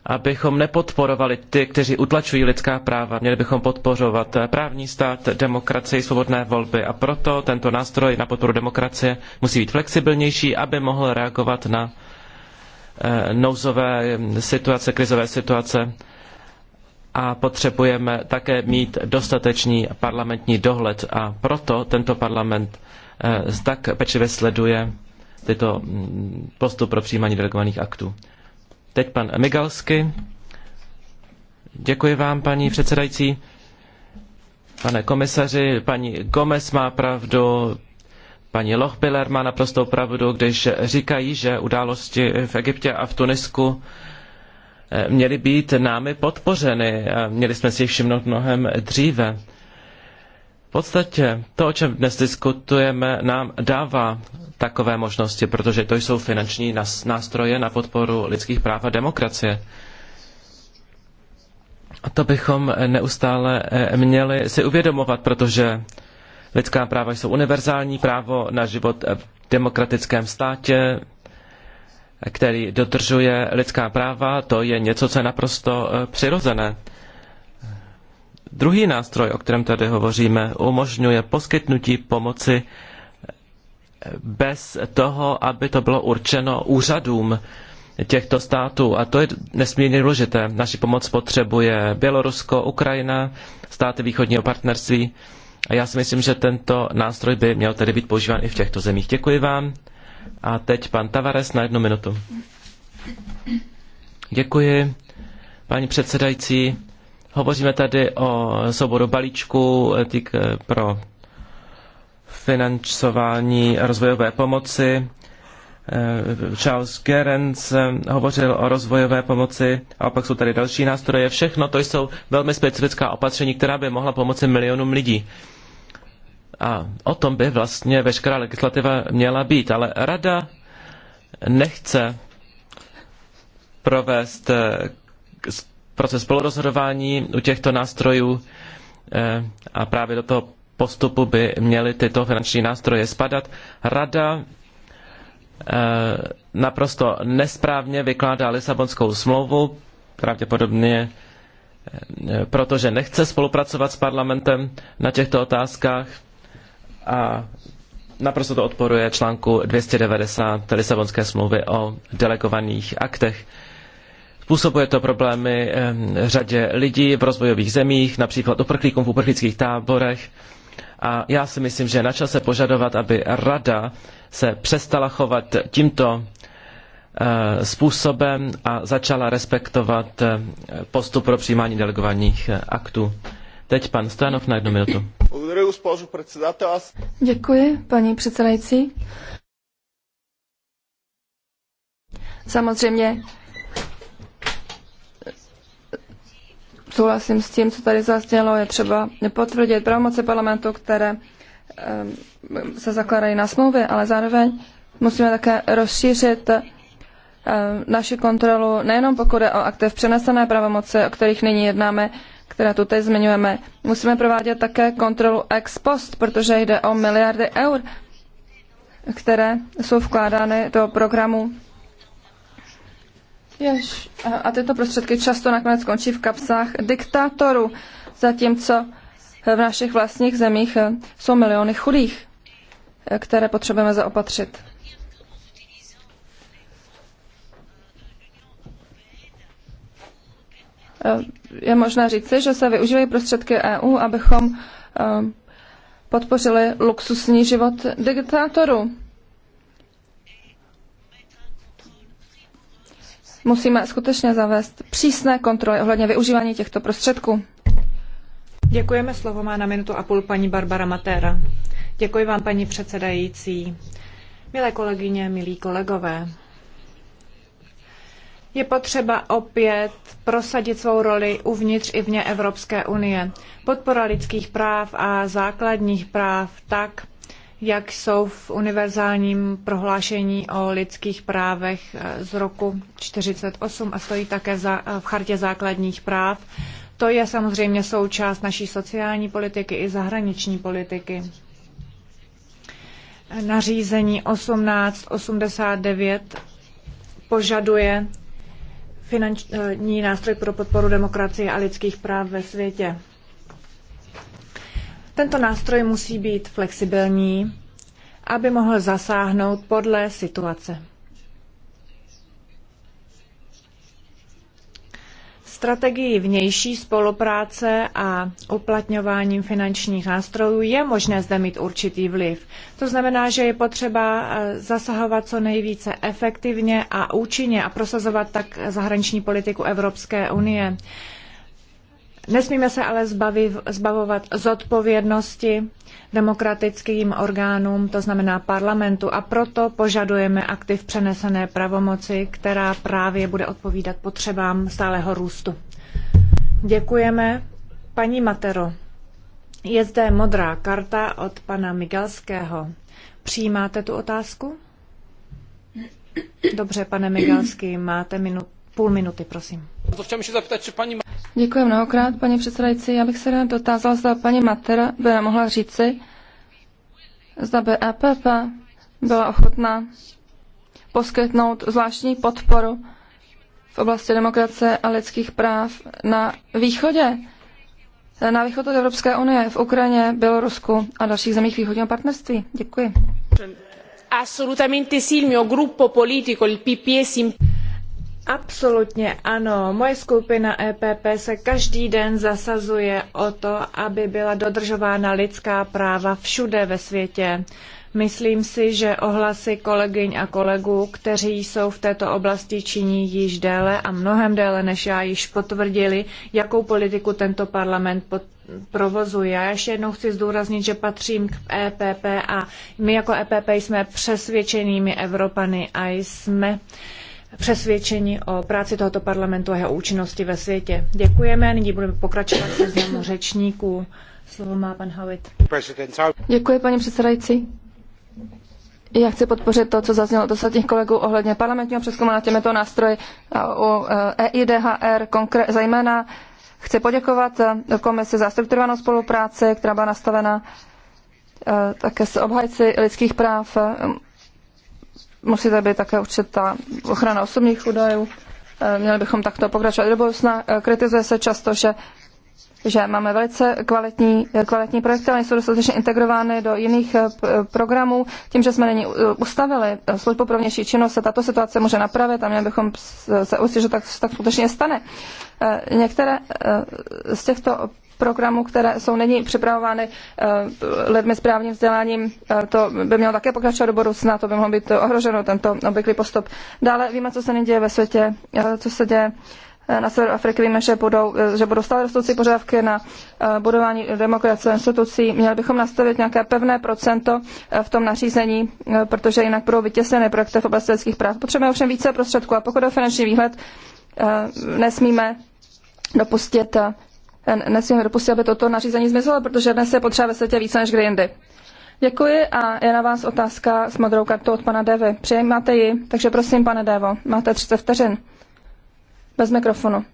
S3: abychom nepodporovali ty, kteří utlačují lidská práva. Měli bychom podporovat právní stát, demokracii, svobodné volby. A proto tento nástroj na podporu demokracie musí být flexibilnější, aby mohl reagovat na eh, nouzové situace, krizové situace. A potřebujeme také mít dostatečný parlamentní dohled. A proto tento parlament eh, tak pečlivě sleduje tyto mm, postup pro přijímání delegovaných aktů. Teď pan Migalsky. Děkuji vám, paní předsedající. Pane komisaři, paní Gomez má pravdu, paní Lochbiller má naprostou pravdu, když říkají, že události v Egyptě a v Tunisku eh, měly být námi podpořeny. Eh, měli jsme si jich všimnout mnohem dříve podstatě to, o čem dnes diskutujeme, nám dává takové možnosti, protože to jsou finanční nástroje na podporu lidských práv a demokracie. A to bychom neustále eh, měli si uvědomovat, protože lidská práva jsou univerzální právo na život eh, v demokratickém státě, který dodržuje lidská práva, to je něco, co je naprosto eh, přirozené. Druhý nástroj, o kterém tady hovoříme, umožňuje poskytnutí pomoci bez toho, aby to bylo určeno úřadům těchto států. A to je nesmírně důležité. Naši pomoc potřebuje Bělorusko, Ukrajina, státy východního partnerství. A já si myslím, že tento nástroj by měl tedy být používán i v těchto zemích. Děkuji vám. A teď pan Tavares na jednu minutu. Děkuji, paní předsedající. Hovoříme tady o souboru balíčků eh, pro financování rozvojové pomoci. Eh, Charles Gerens eh, hovořil o rozvojové pomoci a pak jsou tady další nástroje. Všechno to jsou velmi specifická opatření, která by mohla pomoci milionům lidí. A o tom by vlastně veškerá legislativa měla být, ale rada nechce provést proces spolurozhodování u těchto nástrojů eh, a právě do toho postupu by měly tyto finanční nástroje spadat. Rada eh, naprosto nesprávně vykládá Lisabonskou smlouvu, pravděpodobně eh, protože nechce spolupracovat s parlamentem na těchto otázkách a naprosto to odporuje článku 290 Lisabonské smlouvy o delegovaných aktech. Způsobuje to problémy řadě lidí v rozvojových zemích, například uprchlíkům v uprchlických táborech. A já si myslím, že je na čase požadovat, aby rada se přestala chovat tímto eh, způsobem a začala respektovat eh, postup pro přijímání delegovaných eh, aktů. Teď pan Stanov na jednu minutu.
S2: Děkuji, paní předsedající. Samozřejmě souhlasím s tím, co tady zaznělo, je třeba potvrdit pravomoce parlamentu, které eh, se zakládají na smlouvy, ale zároveň musíme také rozšířit eh, naši kontrolu nejenom pokud je o aktiv přenesené pravomoci, o kterých nyní jednáme, které tu teď zmiňujeme. Musíme provádět také kontrolu ex post, protože jde o miliardy eur, které jsou vkládány do programu Jež, a tyto prostředky často nakonec skončí v kapsách diktátorů, zatímco v našich vlastních zemích eh, jsou miliony chudých, eh, které potřebujeme zaopatřit. Eh, je možné říci, že se využívají prostředky EU, abychom podpořili luxusní život diktátorů. musíme skutečně zavést přísné kontroly ohledně využívání těchto prostředků.
S1: Děkujeme, slovo má na minutu a půl paní Barbara Matéra. Děkuji vám, paní předsedající. Milé kolegyně, milí kolegové, je potřeba opět prosadit svou roli uvnitř i vně Evropské unie. Podpora lidských práv a základních práv tak, jak jsou v univerzálním prohlášení o lidských právech eh, z roku 1948 a stojí také eh, v chartě základních práv. To je samozřejmě součást naší sociální politiky i zahraniční politiky. Nařízení 1889 požaduje finanční eh, nástroj pro podporu demokracie a lidských práv ve světě. Tento nástroj musí být flexibilní, aby mohl zasáhnout podle situace. strategii vnější spolupráce a uplatňováním finančních nástrojů je možné zde mít určitý vliv. To znamená, že je potřeba eh, zasahovat co nejvíce efektivně a účinně a prosazovat tak zahraniční politiku Evropské unie. Nesmíme se ale zbavit zbavovat zodpovědnosti demokratickým orgánům, to znamená parlamentu, a proto požadujeme aktiv přenesené pravomoci, která právě bude odpovídat potřebám stáleho růstu. Děkujeme. Paní Matero, je zde modrá karta od pana Migalského. Přijímáte tu otázku? Dobře, pane Migalský, máte minu- půl minuty, prosím. No
S2: Děkuji mnohokrát, paní předsedající. Já bych se rád dotázal, zda paní Mater by mohla říci, zda by EPP byla ochotná poskytnout zvláštní podporu v oblasti demokracie a lidských práv na východě, na východ od Evropské unie, v Ukrajině, Bělorusku a dalších zemích východního partnerství. Děkuji.
S1: Assolutamente sì, il mio gruppo politico, il PPS... Absolutně ano. Moje skupina EPP se každý den zasazuje o to, aby byla dodržována lidská práva všude ve světě. Myslím si, že ohlasy kolegyň a kolegů, kteří jsou v této oblasti činí již déle a mnohem déle než já, již potvrdili, jakou politiku tento parlament pod provozuje. Já ještě jednou chci zdůraznit, že patřím k EPP a my jako EPP jsme přesvědčenými Evropany a jsme uh, přesvědčeni o práci tohoto parlamentu a jeho účinnosti ve světě. Děkujeme, nyní budeme pokračovat se znamu řečníků. Slovo má pan Howitt. Děkuji, paní předsedající. Já chci podpořit to, co zaznělo od ostatních kolegů
S2: ohledně parlamentního přeskumu na těmito nástroji u EIDHR, eh, e zejména chci poděkovat eh, komisi za strukturovanou spolupráci, která byla nastavena eh, také s obhajci lidských práv musí tady být také určitá ochrana osobních údajů. Eh, měli bychom takto pokračovat do budoucna. Eh, kritizuje se často, že že máme velice kvalitní, eh, kvalitní projekty, ale jsou dostatečně integrovány do jiných programů. Tím, že jsme není ustavili službu pro vnější činnost, se tato situace může napravit a měli bychom se ujistit, že tak, tak skutečně stane. Některé z těchto programů, které jsou nyní připravovány eh, lidmi s právním vzděláním, eh, to by mělo také pokračovat do budoucna, to by mohlo být ohroženo, tento obvyklý postup. Dále víme, co se nyní děje ve světě, eh, co se děje na severu Afriky víme, že budou, že budou stále rostoucí požadavky na budování demokracie institucí. Měli bychom nastavit nějaké pevné procento v tom nařízení, protože jinak budou vytěsněny projekty v oblasti lidských práv. Potřebujeme ovšem více prostředků a pokud o finanční výhled nesmíme dopustit nesmíme dopustit, aby toto nařízení zmizelo, protože dnes je potřeba ve světě více než kdy jindy. Děkuji a je na vás otázka s modrou kartou od pana Devy. Přijímáte ji, takže prosím, pane Devo, máte 30 vteřin. Bez mikrofonu.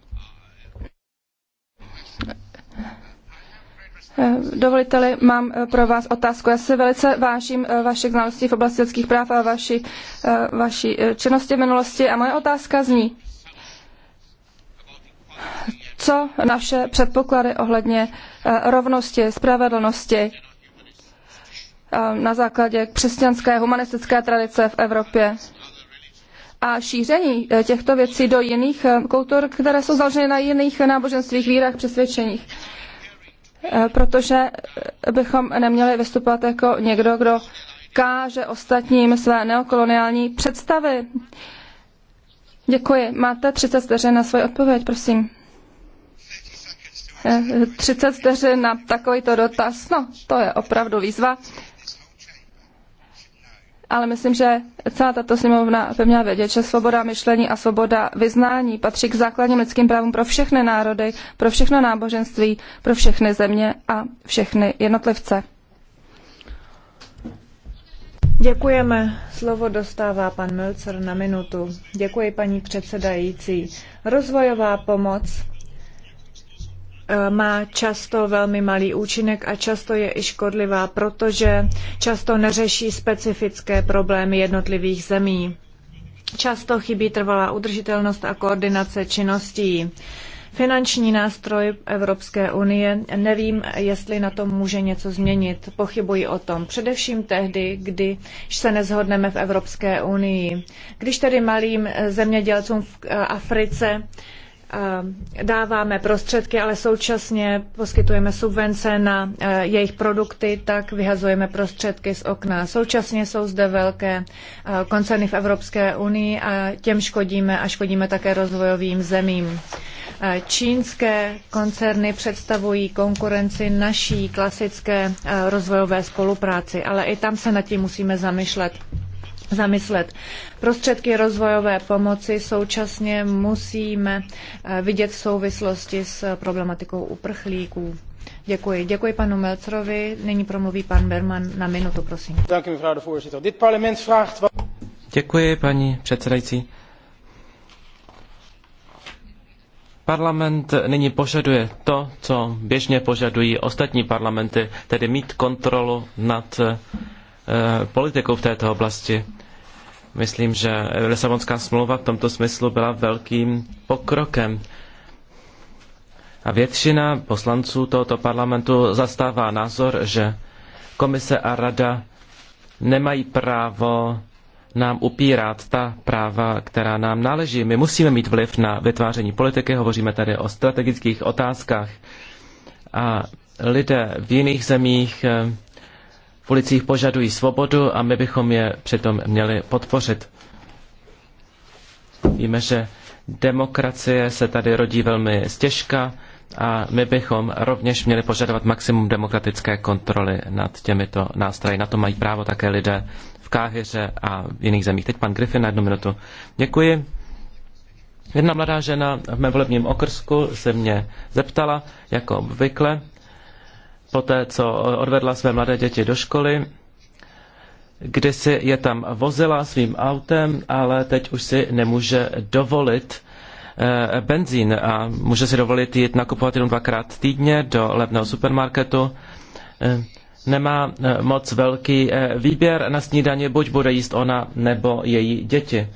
S2: Eh, Dovoliteli, mám eh, pro vás otázku. Já si velice vážím eh, vašich znalostí v oblasti lidských práv a vaši, vaší činnosti v minulosti a moje otázka zní, co naše předpoklady ohledně eh, rovnosti, spravedlnosti eh, na základě křesťanské humanistické tradice v Evropě a šíření eh, těchto věcí do jiných kultur, které jsou založeny na jiných náboženstvích, vírách, přesvědčeních. Protože bychom neměli vystupovat jako někdo, kdo káže ostatním své neokoloniální představy. Děkuji. Máte 30 vteřin na svoji odpověď, prosím. 30 vteřin na takovýto dotaz, no, to je opravdu výzva. Ale myslím, že celá tato sněmovna by měla vědět, že svoboda myšlení a svoboda vyznání patří k základním lidským právům pro všechny národy, pro všechno náboženství, pro všechny země a všechny jednotlivce.
S1: Děkujeme. Slovo dostává pan Milcer na minutu. Děkuji, paní předsedající. Rozvojová pomoc má často velmi malý účinek a často je i škodlivá, protože často neřeší specifické problémy jednotlivých zemí. Často chybí trvalá udržitelnost a koordinace činností. Finanční nástroj Evropské unie, nevím, jestli na tom může něco změnit. Pochybuji o tom. Především tehdy, když se nezhodneme v Evropské unii. Když tedy malým zemědělcům v Africe Eh, dáváme prostředky, ale současně poskytujeme subvence na eh, jejich produkty, tak vyhazujeme prostředky z okna. Současně jsou zde velké eh, koncerny v Evropské unii a těm škodíme a škodíme také rozvojovým zemím. Čínské koncerny představují konkurenci naší klasické rozvojové spolupráci, ale i tam se nad tím musíme zamyslet zamyslet. Prostředky rozvojové pomoci současně musíme eh, vidět v souvislosti s problematikou uprchlíků. Děkuji. Děkuji panu Melcerovi. Nyní promluví pan Berman na minutu, prosím.
S3: Děkuji, paní předsedající. Parlament nyní požaduje to, co běžně požadují ostatní parlamenty, tedy mít kontrolu nad eh, politikou v této oblasti. Myslím, že Lisabonská smlouva v tomto smyslu byla velkým pokrokem. A většina poslanců tohoto parlamentu zastává názor, že komise a rada nemají právo nám upírat ta práva, která nám náleží. My musíme mít vliv na vytváření politiky, hovoříme tady o strategických otázkách. A lidé v jiných zemích eh, ulicích požadují svobodu a my bychom je přitom měli podpořit. Víme, že demokracie se tady rodí velmi stěžka a my bychom rovněž měli požadovat maximum demokratické kontroly nad těmito nástroji. Na to mají právo také lidé v Káhyře a v jiných zemích. Teď pan Griffin na jednu minutu. Děkuji. Jedna mladá žena v mém volebním okrsku se mě zeptala, jako obvykle, poté, co odvedla své mladé děti do školy. Kdysi je tam vozila svým autem, ale teď už si nemůže dovolit eh, benzín a může si dovolit jít nakupovat jenom dvakrát týdně do levného supermarketu. Eh, nemá eh, moc velký výběr na snídaně, buď bude jíst ona nebo její děti.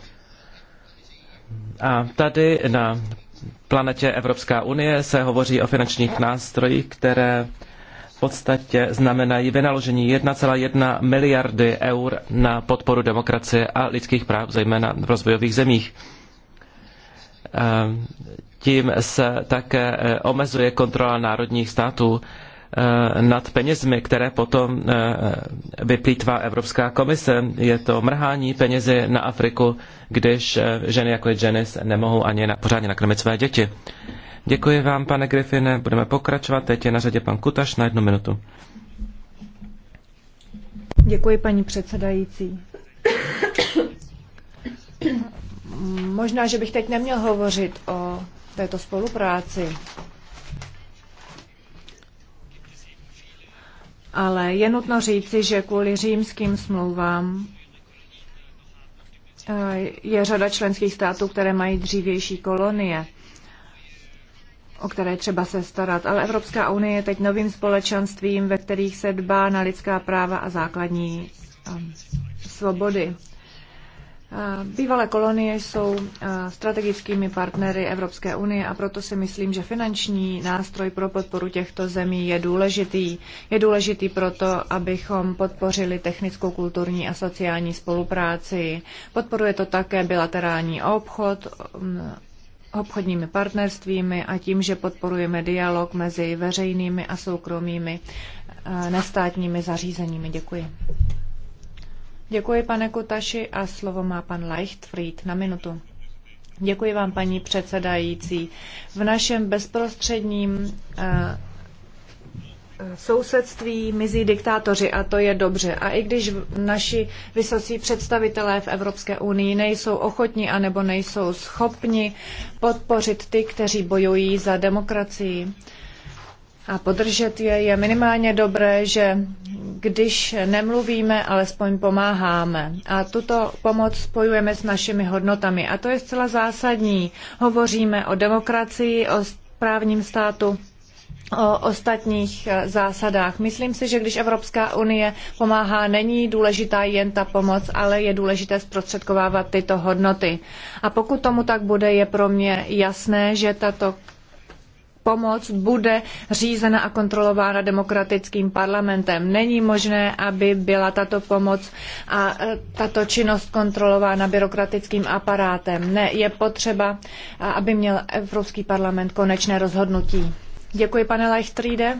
S3: A tady na planetě Evropská unie se hovoří o finančních nástrojích, které podstatě znamenají vynaložení 1,1 miliardy eur na podporu demokracie a lidských práv, zejména v rozvojových zemích. Eh, tím se také eh, omezuje kontrola národních států eh, nad penězmi, které potom vyplýtvá Evropská komise. Je to mrhání penězi na Afriku, když ženy jako je Janice nemohou ani na, pořádně nakrmit své děti. Děkuji vám, pane Griffine. Budeme pokračovat. Teď je na řadě pan Kutaš na jednu minutu.
S1: Děkuji, paní předsedající. Možná, že bych teď neměl hovořit o této spolupráci, ale je nutno říci, že kvůli římským smlouvám eh, je řada členských států, které mají dřívější kolonie o které třeba se starat. Ale Evropská unie je teď novým společenstvím, ve kterých se dbá na lidská práva a základní um, svobody. Bývalé kolonie jsou strategickými partnery Evropské unie a proto si myslím, že finanční nástroj pro podporu těchto zemí je důležitý. Je důležitý proto, abychom podpořili technickou, kulturní a sociální spolupráci. Podporuje to také bilaterální obchod, um, obchodními partnerstvími a tím, že podporujeme dialog mezi veřejnými a soukromými eh, nestátními zařízeními. Děkuji. Děkuji, pane Kutaši, a slovo má pan Leichtfried na minutu. Děkuji vám, paní předsedající. V našem bezprostředním eh, sousedství mizí diktátoři a to je dobře. A i když naši vysocí představitelé v Evropské unii nejsou ochotní anebo nejsou schopni podpořit ty, kteří bojují za demokracii a podržet je, je minimálně dobré, že když nemluvíme, alespoň pomáháme. A tuto pomoc spojujeme s našimi hodnotami. A to je zcela zásadní. Hovoříme o demokracii, o právním státu o ostatních e, zásadách. Myslím si, že když Evropská unie pomáhá, není důležitá jen ta pomoc, ale je důležité zprostředkovávat tyto hodnoty. A pokud tomu tak bude, je pro mě jasné, že tato pomoc bude řízena a kontrolována demokratickým parlamentem. Není možné, aby byla tato pomoc a e, tato činnost kontrolována byrokratickým aparátem. Ne, je potřeba, aby měl Evropský parlament konečné rozhodnutí. Děkuji, pane Leichtriede.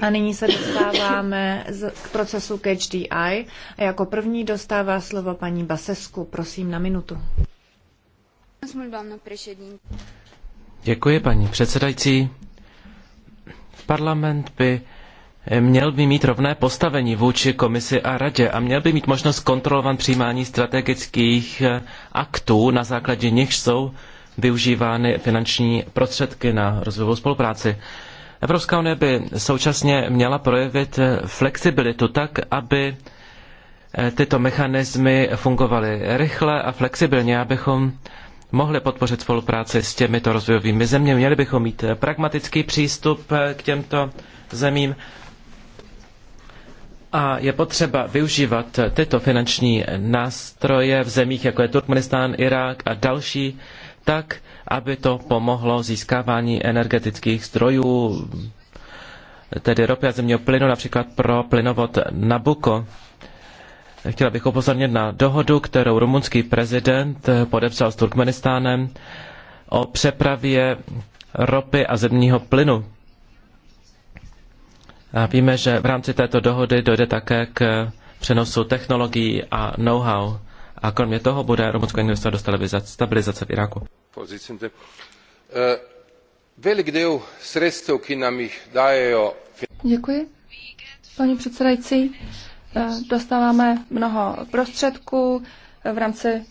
S1: A nyní se dostáváme k procesu Catch the Eye. A jako první dostává slovo paní Basesku. Prosím na minutu.
S3: Děkuji, paní předsedající. Parlament by měl by mít rovné postavení vůči komisi a radě a měl by mít možnost kontrolovat přijímání strategických aktů, na základě nichž jsou využívány finanční prostředky na rozvojovou spolupráci. Evropská unie by současně měla projevit flexibilitu tak, aby eh, tyto mechanismy fungovaly rychle a flexibilně, abychom mohli podpořit spolupráci s těmito rozvojovými zeměmi. Měli bychom mít pragmatický přístup eh, k těmto zemím a je potřeba využívat tyto finanční nástroje v zemích, jako je Turkmenistán, Irák a další tak, aby to pomohlo získávání energetických zdrojů, tedy ropy a zemního plynu, například pro plynovod Nabuko. Chtěla bych upozornit na dohodu, kterou rumunský prezident podepsal s Turkmenistánem o přepravě ropy a zemního plynu. A víme, že v rámci této dohody dojde také k přenosu technologií a know-how. A kromě toho bude Rumunsko investovat do stabilizace v Iráku.
S2: E, velik del sredstev, ki nám jich dajejo. Děkuji. Paní předsedající, e, dostáváme mnoho prostředků e, v rámci,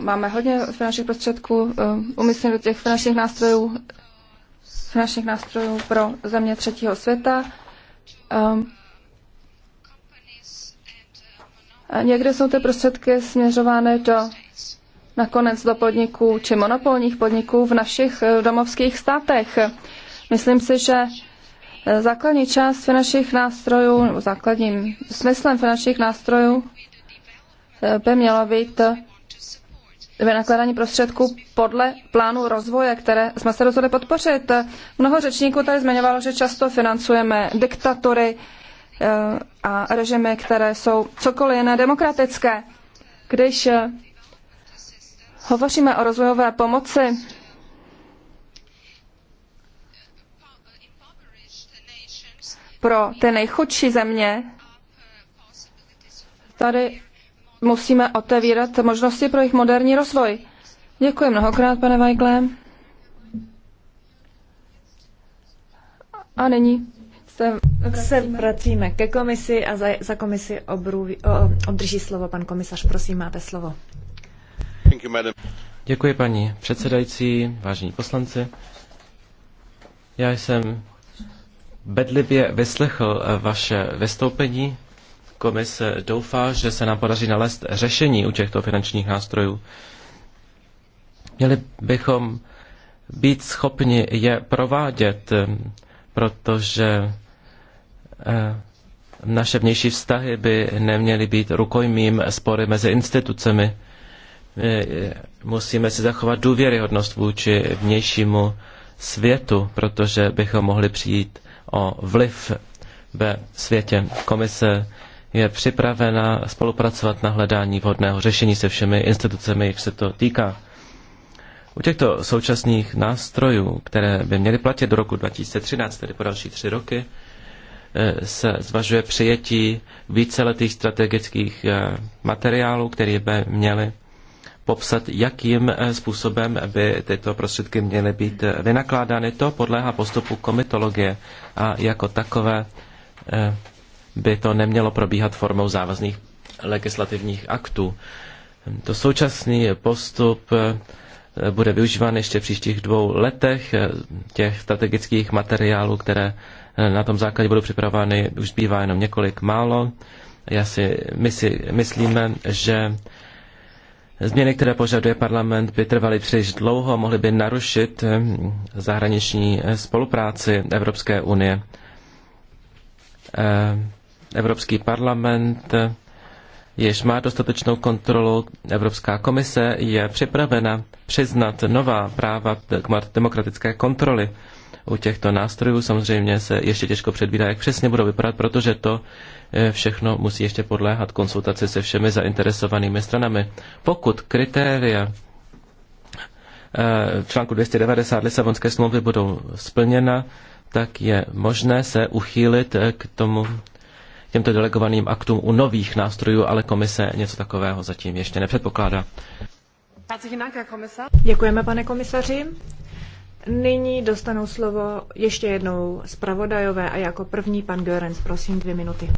S2: máme hodně finančních prostředků umístěných do těch finančních nástrojů, finančních nástrojů pro země třetího světa. Někde jsou ty prostředky směřovány do nakonec do podniků či monopolních podniků v našich eh, domovských státech. Myslím si, že eh, základní část finančních nástrojů, nebo základním smyslem finančních nástrojů eh, by mělo být vynakládání prostředků podle plánu rozvoje, které jsme se rozhodli podpořit. Mnoho řečníků tady zmiňovalo, že často financujeme diktatury, a režimy, které jsou cokoliv jiné demokratické. Když eh, hovoříme o rozvojové pomoci, pro ty nejchudší země, tady musíme otevírat možnosti pro jejich moderní rozvoj. Děkuji mnohokrát, pane Weigle.
S1: A nyní se, se vracíme ke komisi a za, za komisi obruví, o, obdrží slovo pan komisař. Prosím, máte slovo.
S3: Děkuji, paní předsedající, vážení poslanci. Já jsem bedlivě vyslechl eh, vaše vystoupení. Komise doufá, že se nám podaří nalézt řešení u těchto finančních nástrojů. Měli bychom být schopni je provádět, eh, protože Eh, naše vnější vztahy by neměly být rukojmím spory mezi institucemi. My eh, musíme si zachovat důvěryhodnost vůči vnějšímu světu, protože bychom mohli přijít o vliv ve světě. Komise je připravena spolupracovat na hledání vhodného řešení se všemi institucemi, jak se to týká. U těchto současných nástrojů, které by měly platit do roku 2013, tedy po další tři roky, Eh, se zvažuje přijetí víceletých strategických eh, materiálů, které by měly popsat, jakým eh, způsobem by tyto prostředky měly být vynakládány. To podléhá postupu komitologie a jako takové by to nemělo probíhat formou závazných legislativních aktů. To současný postup bude využíván ještě v příštích dvou letech těch strategických materiálů, které na tom základě budou připravovány, už zbývá jenom několik málo. Já si, my si myslíme, že Změny, které požaduje parlament, by trvaly příliš dlouho, mohly by narušit eh, zahraniční eh, spolupráci Evropské unie. Eh, Evropský parlament jež má dostatečnou kontrolu, Evropská komise je připravena přiznat nová práva k demokratické kontroly u těchto nástrojů. Samozřejmě se ještě těžko předvídá, jak přesně budou vypadat, protože to eh, všechno musí ještě podléhat konsultaci se všemi zainteresovanými stranami. Pokud kritéria v eh, článku 290 Lisabonské smlouvy budou splněna, tak je možné se uchýlit eh, k tomu k těmto delegovaným aktům u nových nástrojů, ale komise něco takového zatím ještě nepředpokládá.
S1: Děkujeme, pane komisaři. Nyní dostanou slovo ještě jednou zpravodajové a jako první pan Görens, prosím dvě minuty.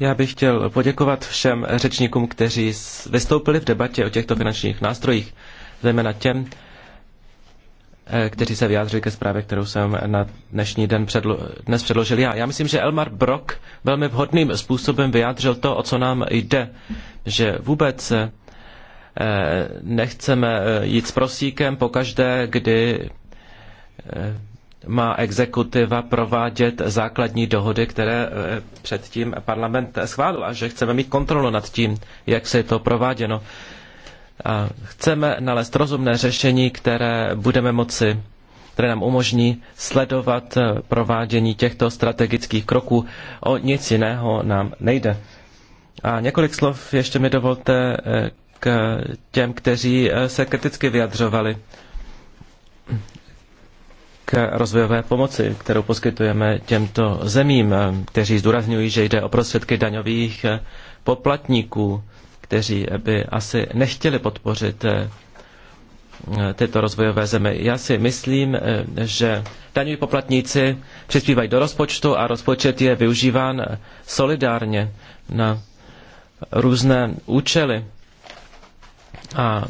S3: Já bych chtěl poděkovat všem řečníkům, kteří vystoupili v debatě o těchto finančních nástrojích, zejména těm, eh, kteří se vyjádřili ke zprávě, kterou jsem na dnešní den předlo- dnes předložil já. Já myslím, že Elmar Brock velmi vhodným způsobem vyjádřil to, o co nám jde, že vůbec eh, Eh, nechceme eh, jít s prosíkem pokaždé, kdy eh, má exekutiva provádět základní dohody, které předtím parlament schválil a že chceme mít kontrolu nad tím, jak se je to prováděno. A chceme nalézt rozumné řešení, které budeme moci které nám umožní sledovat provádění těchto strategických kroků. O nic jiného nám nejde. A několik slov ještě mi dovolte k těm, kteří eh, se kriticky vyjadřovali k rozvojové pomoci, kterou poskytujeme těmto zemím, eh, kteří zdůrazňují, že jde o prostředky daňových eh, poplatníků, kteří by asi nechtěli podpořit tyto rozvojové zemi. Já si myslím, že daňoví poplatníci přispívají do rozpočtu a rozpočet je využíván solidárně na různé účely. A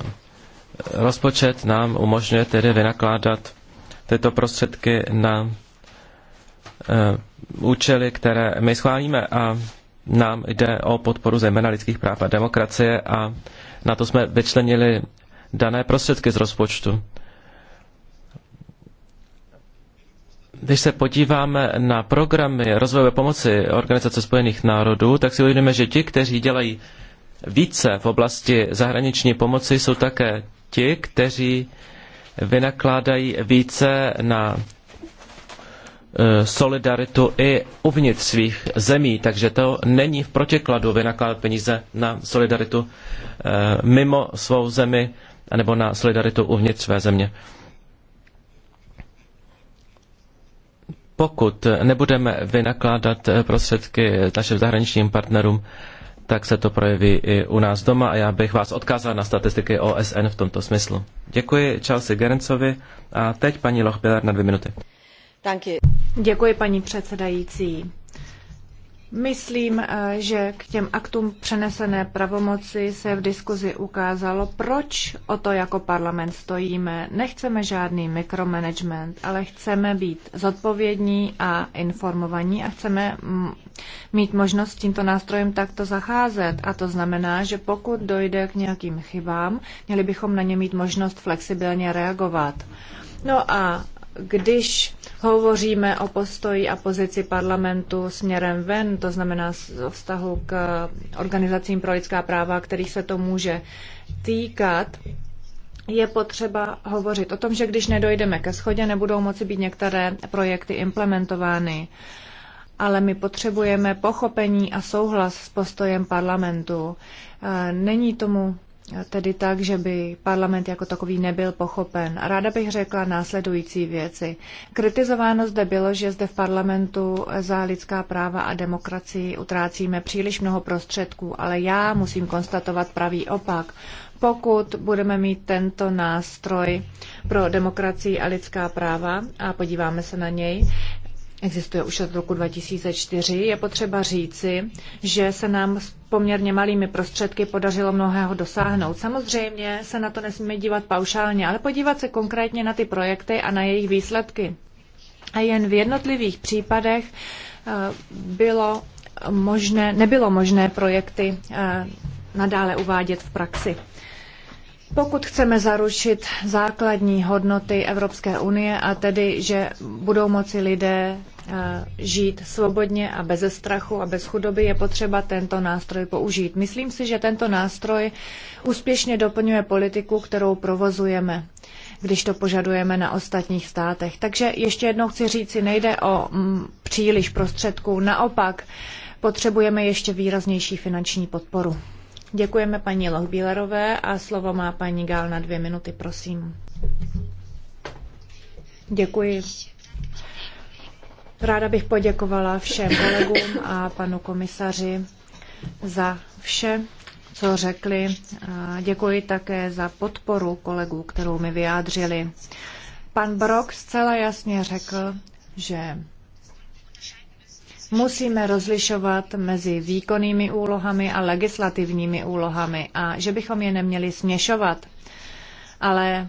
S3: rozpočet nám umožňuje tedy vynakládat tyto prostředky na eh, účely, které my schválíme a nám jde o podporu zejména lidských práv a demokracie a na to jsme vyčlenili dané prostředky z rozpočtu. Když se podíváme na programy rozvojové pomoci Organizace spojených národů, tak si uvědomíme, že ti, kteří dělají více v oblasti zahraniční pomoci, jsou také ti, kteří vynakládají více na eh, solidaritu i uvnitř svých zemí, takže to není v protikladu vynakládat peníze na solidaritu eh, mimo svou zemi nebo na solidaritu uvnitř své země. Pokud nebudeme vynakládat eh, prostředky našim zahraničním partnerům tak se to projeví i u nás doma a já bych vás odkázal na statistiky OSN v tomto smyslu. Děkuji Chelsea Gerencovi a teď paní Lochbiller na dvě minuty.
S1: Děkuji paní předsedající. Myslím, eh, že k těm aktům přenesené pravomoci se v diskuzi ukázalo, proč o to jako parlament stojíme. Nechceme žádný mikromanagement, ale chceme být zodpovědní a informovaní a chceme mm, mít možnost s tímto nástrojem takto zacházet. A to znamená, že pokud dojde k nějakým chybám, měli bychom na ně mít možnost flexibilně reagovat. No a když hovoříme o postoji a pozici parlamentu směrem ven, to znamená o vztahu k organizacím pro lidská práva, kterých se to může týkat, je potřeba hovořit o tom, že když nedojdeme ke schodě, nebudou moci být některé projekty implementovány. Ale my potřebujeme pochopení a souhlas s postojem parlamentu. E, není tomu tedy tak, že by parlament jako takový nebyl pochopen. Ráda bych řekla následující věci. Kritizováno zde bylo, že zde v parlamentu za lidská práva a demokracii utrácíme příliš mnoho prostředků, ale já musím konstatovat pravý opak. Pokud budeme mít tento nástroj pro demokracii a lidská práva a podíváme se na něj, existuje už od roku 2004, je potřeba říci, že se nám s poměrně malými prostředky podařilo mnohého dosáhnout. Samozřejmě se na to nesmíme dívat paušálně, ale podívat se konkrétně na ty projekty a na jejich výsledky. A jen v jednotlivých případech eh, bylo možné, nebylo možné projekty eh, nadále uvádět v praxi. Pokud chceme zaručit základní hodnoty Evropské unie a tedy, že budou moci lidé eh, žít svobodně a bez strachu a bez chudoby, je potřeba tento nástroj použít. Myslím si, že tento nástroj úspěšně doplňuje politiku, kterou provozujeme když to požadujeme na ostatních státech. Takže ještě jednou chci říci, nejde o m, mm, příliš prostředků, naopak potřebujeme ještě výraznější finanční podporu. Děkujeme paní Lohbílerové a slovo má paní Gál na dvě minuty, prosím. Děkuji. Ráda bych poděkovala všem kolegům a panu komisaři za vše, co řekli. děkuji také za podporu kolegů, kterou mi vyjádřili. Pan Brok zcela jasně řekl, že musíme rozlišovat mezi výkonnými úlohami a legislativními úlohami a že bychom je neměli směšovat. Ale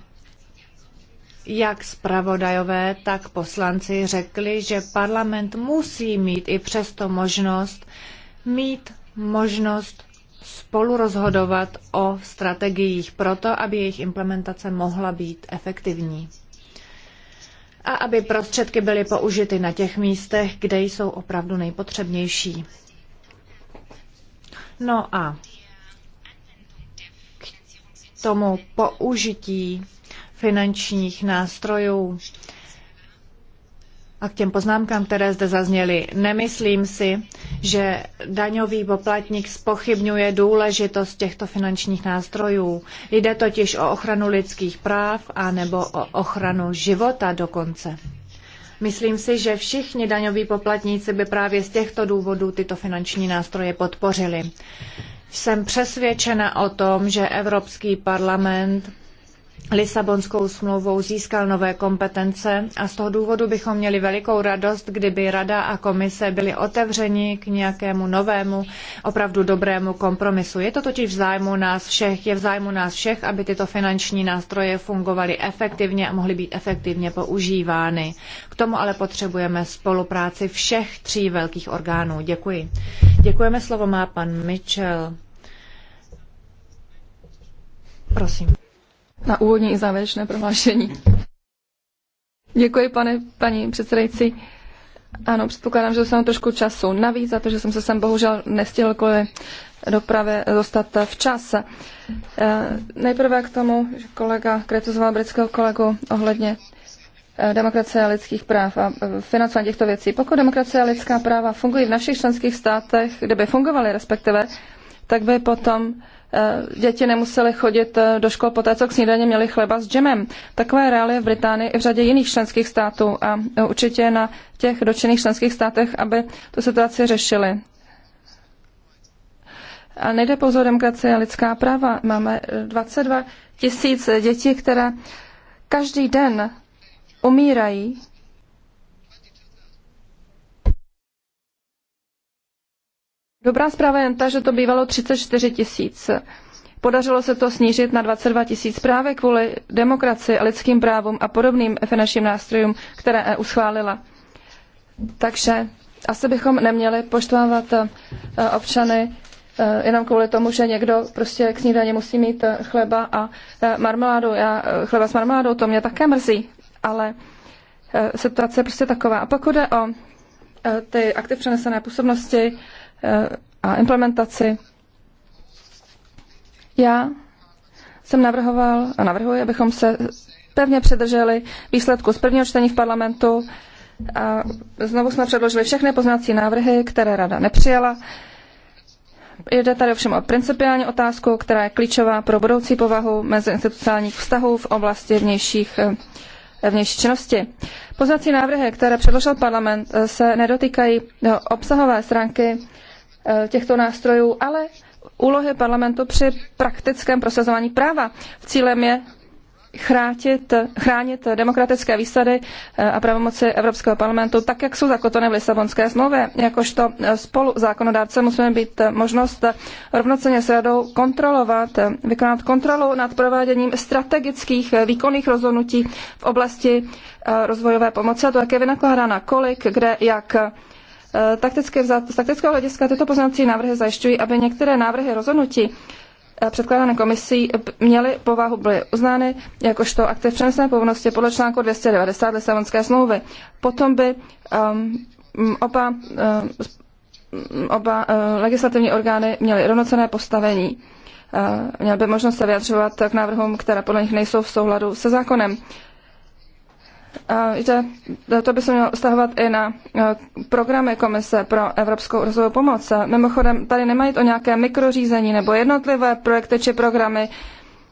S1: jak zpravodajové, tak poslanci řekli, že parlament musí mít i přesto možnost mít možnost spolu rozhodovat o strategiích proto, aby jejich implementace mohla být efektivní a aby prostředky byly použity na těch místech, kde jsou opravdu nejpotřebnější. No a k tomu použití finančních nástrojů a k těm poznámkám, které zde zazněly, nemyslím si, že daňový poplatník spochybňuje důležitost těchto finančních nástrojů. Jde totiž o ochranu lidských práv a nebo o ochranu života dokonce. Myslím si, že všichni daňoví poplatníci by právě z těchto důvodů tyto finanční nástroje podpořili. Jsem přesvědčena o tom, že Evropský parlament Lisabonskou smlouvou získal nové kompetence a z toho důvodu bychom měli velikou radost, kdyby Rada a Komise byly otevřeni k nějakému novému, opravdu dobrému kompromisu. Je to totiž v zájmu nás všech, je v zájmu nás všech, aby tyto finanční nástroje fungovaly efektivně a mohly být efektivně používány. K tomu ale potřebujeme spolupráci všech tří velkých orgánů. Děkuji. Děkujeme, slovo má pan Mitchell. Prosím na úvodní i
S2: závěrečné prohlášení. Děkuji, pane, paní předsedající. Ano, předpokládám, že dostanu trošku času navíc, za to, že jsem se sem bohužel nestihl kvůli dopravě dostat včas. E, nejprve k tomu, že kolega kritizoval britského kolegu ohledně e, demokracie a lidských práv a e, financování těchto věcí. Pokud demokracie a lidská práva fungují v našich členských státech, kde by fungovaly respektive, tak by potom Eh, děti nemusely chodit eh, do škol poté, co k snídaně měli chleba s džemem. Takové reály v Británii i v řadě jiných členských států a eh, určitě na těch dočených členských státech, aby tu situaci řešili. A nejde pouze o demokracie a lidská práva. Máme 22 tisíc dětí, které každý den umírají Dobrá zpráva je ta, že to bývalo 34 tisíc. Podařilo se to snížit na 22 tisíc právě kvůli demokracii, lidským právům a podobným finančním nástrojům, které EU schválila. Takže asi bychom neměli poštvávat eh, občany eh, jenom kvůli tomu, že někdo prostě k snídaně musí mít eh, chleba a marmeládu. Já, chleba s marmeládou, to mě také mrzí, ale situace je prostě taková. A pokud jde o ty aktiv přenesené působnosti, a implementaci. Já jsem navrhoval a navrhuji, abychom se pevně přidrželi výsledku z prvního čtení v parlamentu a znovu jsme předložili všechny poznací návrhy, které rada nepřijala. Jde tady ovšem o principiální otázku, která je klíčová pro budoucí povahu meziinstitucionálních vztahů v oblasti vnějších eh, vnější činnosti. Poznací návrhy, které předložil parlament, eh, se nedotýkají eh, obsahové stránky Eh, těchto nástrojů, ale úlohy parlamentu při praktickém prosazování práva. Cílem je chrátit, chránit demokratické výsady eh, a pravomoci Evropského parlamentu, tak jak jsou zakotveny v Lisabonské smlouvě. Jakožto eh, spolu zákonodárce musíme být možnost rovnoceně s radou kontrolovat, vykonat kontrolu nad prováděním strategických výkonných rozhodnutí v oblasti rozvojové pomoci a to, jak je vynakládána, kolik, kde, jak Eh, z taktického hlediska tyto poznací návrhy zajišťují, aby některé návrhy rozhodnutí eh, předkládané komisí eh, měly povahu, byly uznány jakožto aktiv přenesené povinnosti podle článku 290 Lisabonské smlouvy. Potom by um, oba, um, oba uh, legislativní orgány měly rovnocené postavení. Uh, měl by možnost se vyjadřovat k návrhům, které podle nich nejsou v souladu se zákonem že to by se mělo stahovat i na e, programy Komise pro evropskou rozvojovou pomoc. Mimochodem, tady nemají to nějaké mikrořízení nebo jednotlivé projekty či programy,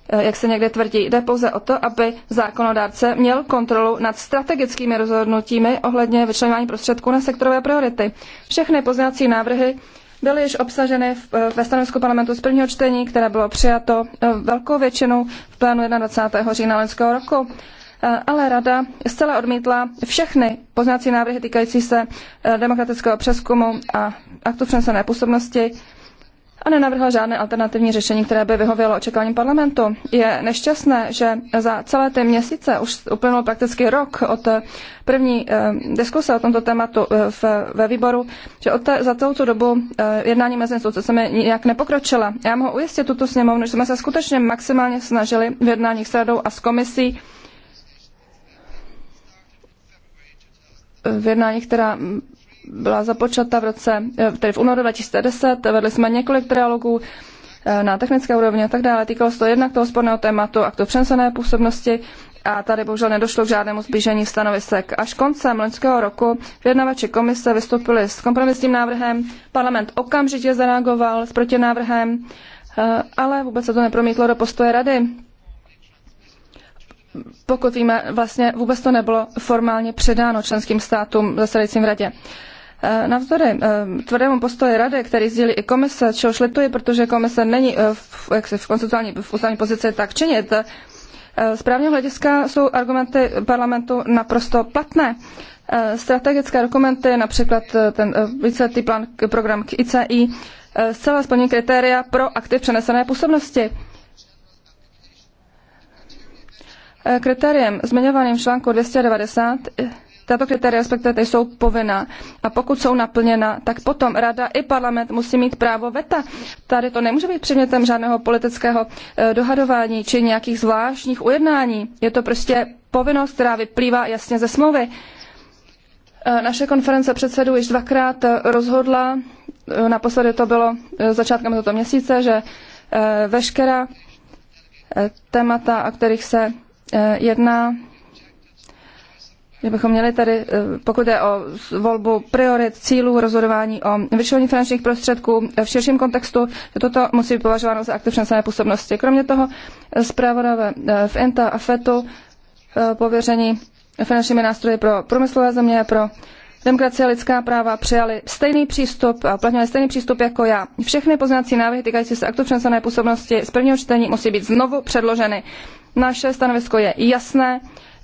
S2: e, jak se někde tvrdí. Jde pouze o to, aby zákonodárce měl kontrolu nad strategickými rozhodnutími ohledně vyčlenování prostředků na sektorové priority. Všechny pozněvací návrhy byly již obsaženy e, ve stanovisku parlamentu z prvního čtení, které bylo přijato velkou většinou v plánu 21. října loňského roku. Eh, ale rada zcela odmítla všechny poznávací návrhy týkající se eh, demokratického přeskumu a aktu přenesené působnosti a nenavrhla žádné alternativní řešení, které by vyhovělo očekávání parlamentu. Je nešťastné, že za celé ty měsíce, už uplynul prakticky rok od eh, první eh, diskuse o tomto tématu eh, v, ve výboru, že od te, za celou tu dobu eh, jednání mezi mi nijak nepokročila. Já mohu ujistit tuto sněmovnu, že jsme se skutečně maximálně snažili v jednáních s radou a s komisí v jednání, která byla započata v roce, eh, tedy v únoru 2010, vedli jsme několik trialogů eh, na technické úrovni a tak dále. Týkalo se to jednak toho sporného tématu a k to přenesené působnosti a tady bohužel nedošlo k žádnému zbížení stanovisek. Až koncem loňského roku vyjednavači komise vystoupili s kompromisním návrhem, parlament okamžitě zareagoval s protinávrhem, eh, ale vůbec se to nepromítlo do postoje rady pokud víme, vlastně vůbec to nebylo formálně předáno členským státům zasedajícím v radě. E, navzdory e, tvrdému postoji rady, který sdílí i komise, čehož lituji, protože komise není e, v, jak se v konceptuální v ústavní pozici tak činit, z právního hlediska jsou argumenty parlamentu naprosto platné. Strategické dokumenty, například ten víceletý plán program k ICI, zcela splní kritéria pro aktiv přenesené působnosti. Eh, kritériem zmiňovaným v článku 290 eh, tato kritéria, respektive jsou povinná. A pokud jsou naplněna, tak potom rada i parlament musí mít právo veta. Tady to nemůže být předmětem žádného politického eh, dohadování či nějakých zvláštních ujednání. Je to prostě povinnost, která vyplývá jasně ze smlouvy. Naše konference předsedů již dvakrát rozhodla, naposledy to bylo začátkem tohoto měsíce, že veškerá témata, o kterých se Eh, jedna že bychom měli tady, eh, pokud je o volbu priorit, cílů, rozhodování o vyčlení finančních prostředků eh, v širším kontextu, toto musí být považováno za aktiv přenesené působnosti. Kromě toho zprávodové v ENTA a FETu pověření finančními nástroji pro průmyslové země, pro demokracie a lidská práva přijali stejný přístup a uplatňovali stejný přístup jako já. Všechny poznací návrhy týkající se aktu přenesené působnosti z prvního čtení musí být znovu předloženy naše stanovisko je jasné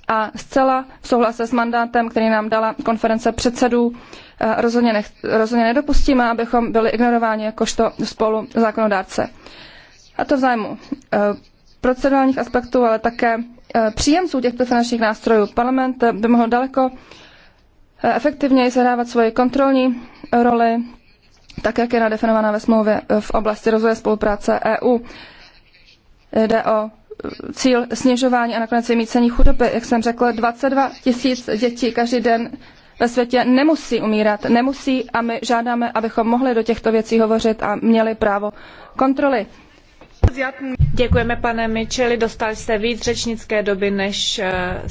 S2: a zcela v souhlase s mandátem, který nám dala konference předsedů, eh, rozhodně, nech, rozhodně nedopustíme, abychom byli ignorováni jakožto spolu zákonodárce. A to v zájmu eh, procedurálních aspektů, ale také eh, příjemců těchto finančních nástrojů. Parlament by mohl daleko efektivněji zahrávat svoji kontrolní roli, tak jak je nadefinovaná ve smlouvě v oblasti rozvoje spolupráce EU. Jde o cíl snižování a nakonec vymícení chudoby. Jak jsem řekla, 22 tisíc dětí každý den ve světě nemusí umírat, nemusí a my žádáme, abychom mohli do těchto věcí hovořit a měli právo
S1: kontroly. Děkujeme, pane Micheli, dostali jste víc řečnické doby než eh,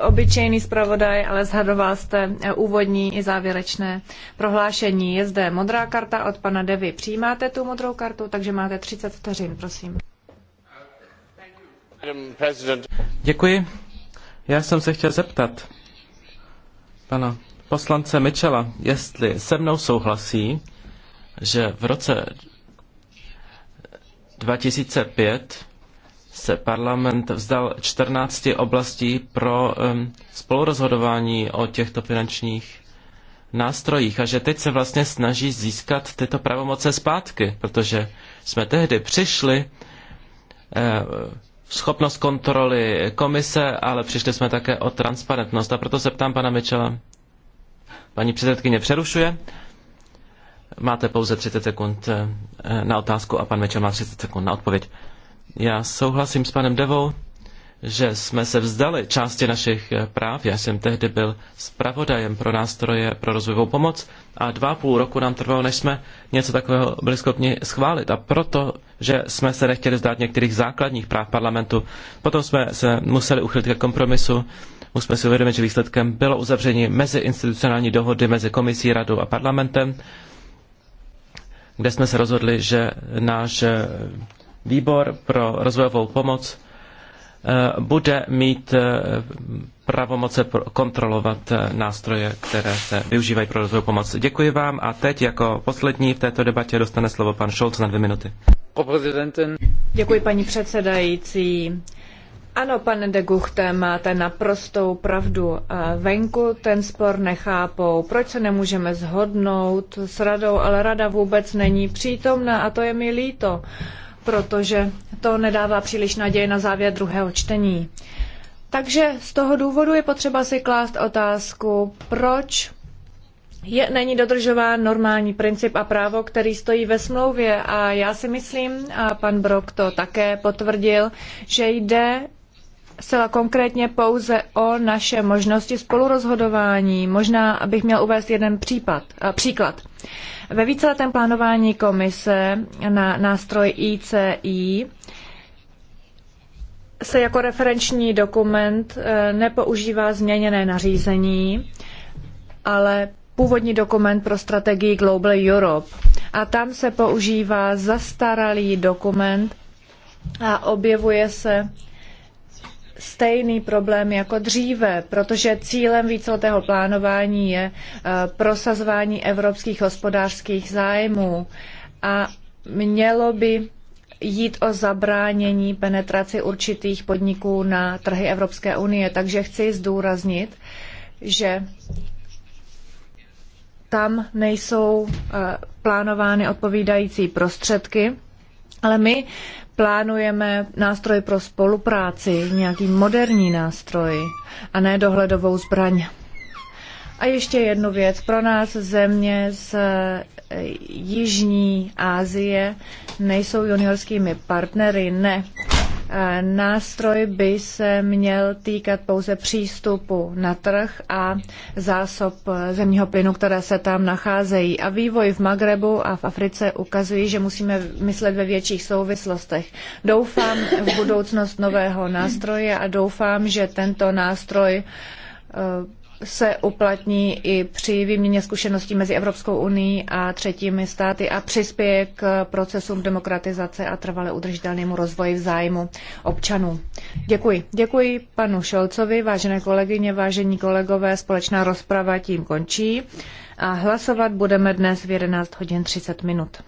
S1: obyčejný zpravodaj, ale zhadoval jste eh, úvodní i závěrečné prohlášení. Je zde modrá karta od pana Devy. Přijímáte tu modrou kartu, takže máte 30 vteřin, prosím.
S3: Děkuji. Já jsem se chtěl zeptat pana poslance Michela, jestli se mnou souhlasí, že v roce 2005 se parlament vzdal 14 oblastí pro spolurozhodování o těchto finančních nástrojích a že teď se vlastně snaží získat tyto pravomoce zpátky, protože jsme tehdy přišli eh, schopnost kontroly komise, ale přišli jsme také o transparentnost. A proto se ptám pana Mičela, Paní předsedkyně přerušuje. Máte pouze 30 sekund eh, na otázku a pan Mičel má 30 sekund na odpověď. Já souhlasím s panem Devou, že jsme se vzdali části našich eh, práv. Já jsem tehdy byl zpravodajem pro nástroje pro rozvojovou pomoc a dva půl roku nám trvalo, než jsme něco takového byli schopni schválit. A proto, že jsme se nechtěli zdát některých základních práv parlamentu, potom jsme se museli uchylit ke kompromisu. Musíme si uvědomit, že výsledkem bylo uzavření meziinstitucionální dohody mezi komisí, radou a parlamentem, kde jsme se rozhodli, že náš eh, výbor pro rozvojovou pomoc eh, bude mít eh, pravomoce kontrolovat eh, nástroje, které se využívají pro rozvojovou pomoc. Děkuji vám a teď jako poslední v této debatě dostane slovo pan Scholz na dvě minuty.
S1: Děkuji paní předsedající. Ano, pane de Guchte, máte naprostou pravdu. Venku ten spor nechápou. Proč se nemůžeme zhodnout s radou, ale rada vůbec není přítomna a to je mi líto protože to nedává příliš naděje na závěr druhého čtení. Takže z toho důvodu je potřeba si klást otázku, proč je, není dodržován normální princip a právo, který stojí ve smlouvě. A já si myslím, a pan Brok to také potvrdil, že jde zcela konkrétně pouze o naše možnosti spolurozhodování. Možná bych měl uvést jeden případ, příklad. Ve víceletém plánování komise na nástroj ICI se jako referenční dokument eh, nepoužívá změněné nařízení, ale původní dokument pro strategii Global Europe. A tam se používá zastaralý dokument a objevuje se stejný problém jako dříve, protože cílem víceletého plánování je eh, prosazování evropských hospodářských zájmů a mělo by jít o zabránění penetraci určitých podniků na trhy Evropské unie. Takže chci zdůraznit, že tam nejsou eh, plánovány odpovídající prostředky, ale my plánujeme nástroj pro spolupráci, nějaký moderní nástroj a ne dohledovou zbraň. A ještě jednu věc. Pro nás země z e, Jižní Asie nejsou juniorskými partnery, ne. Nástroj by se měl týkat pouze přístupu na trh a zásob zemního plynu, které se tam nacházejí. A vývoj v Magrebu a v Africe ukazují, že musíme myslet ve větších souvislostech. Doufám v budoucnost nového nástroje a doufám, že tento nástroj eh, se uplatní i při výměně zkušeností mezi Evropskou unii a třetími státy a přispěje k procesům demokratizace a trvale udržitelnému rozvoji v zájmu občanů. Děkuji. Děkuji panu Šolcovi, vážené kolegyně, vážení kolegové, společná rozprava tím končí a hlasovat budeme dnes v 11 hodin 30 minut.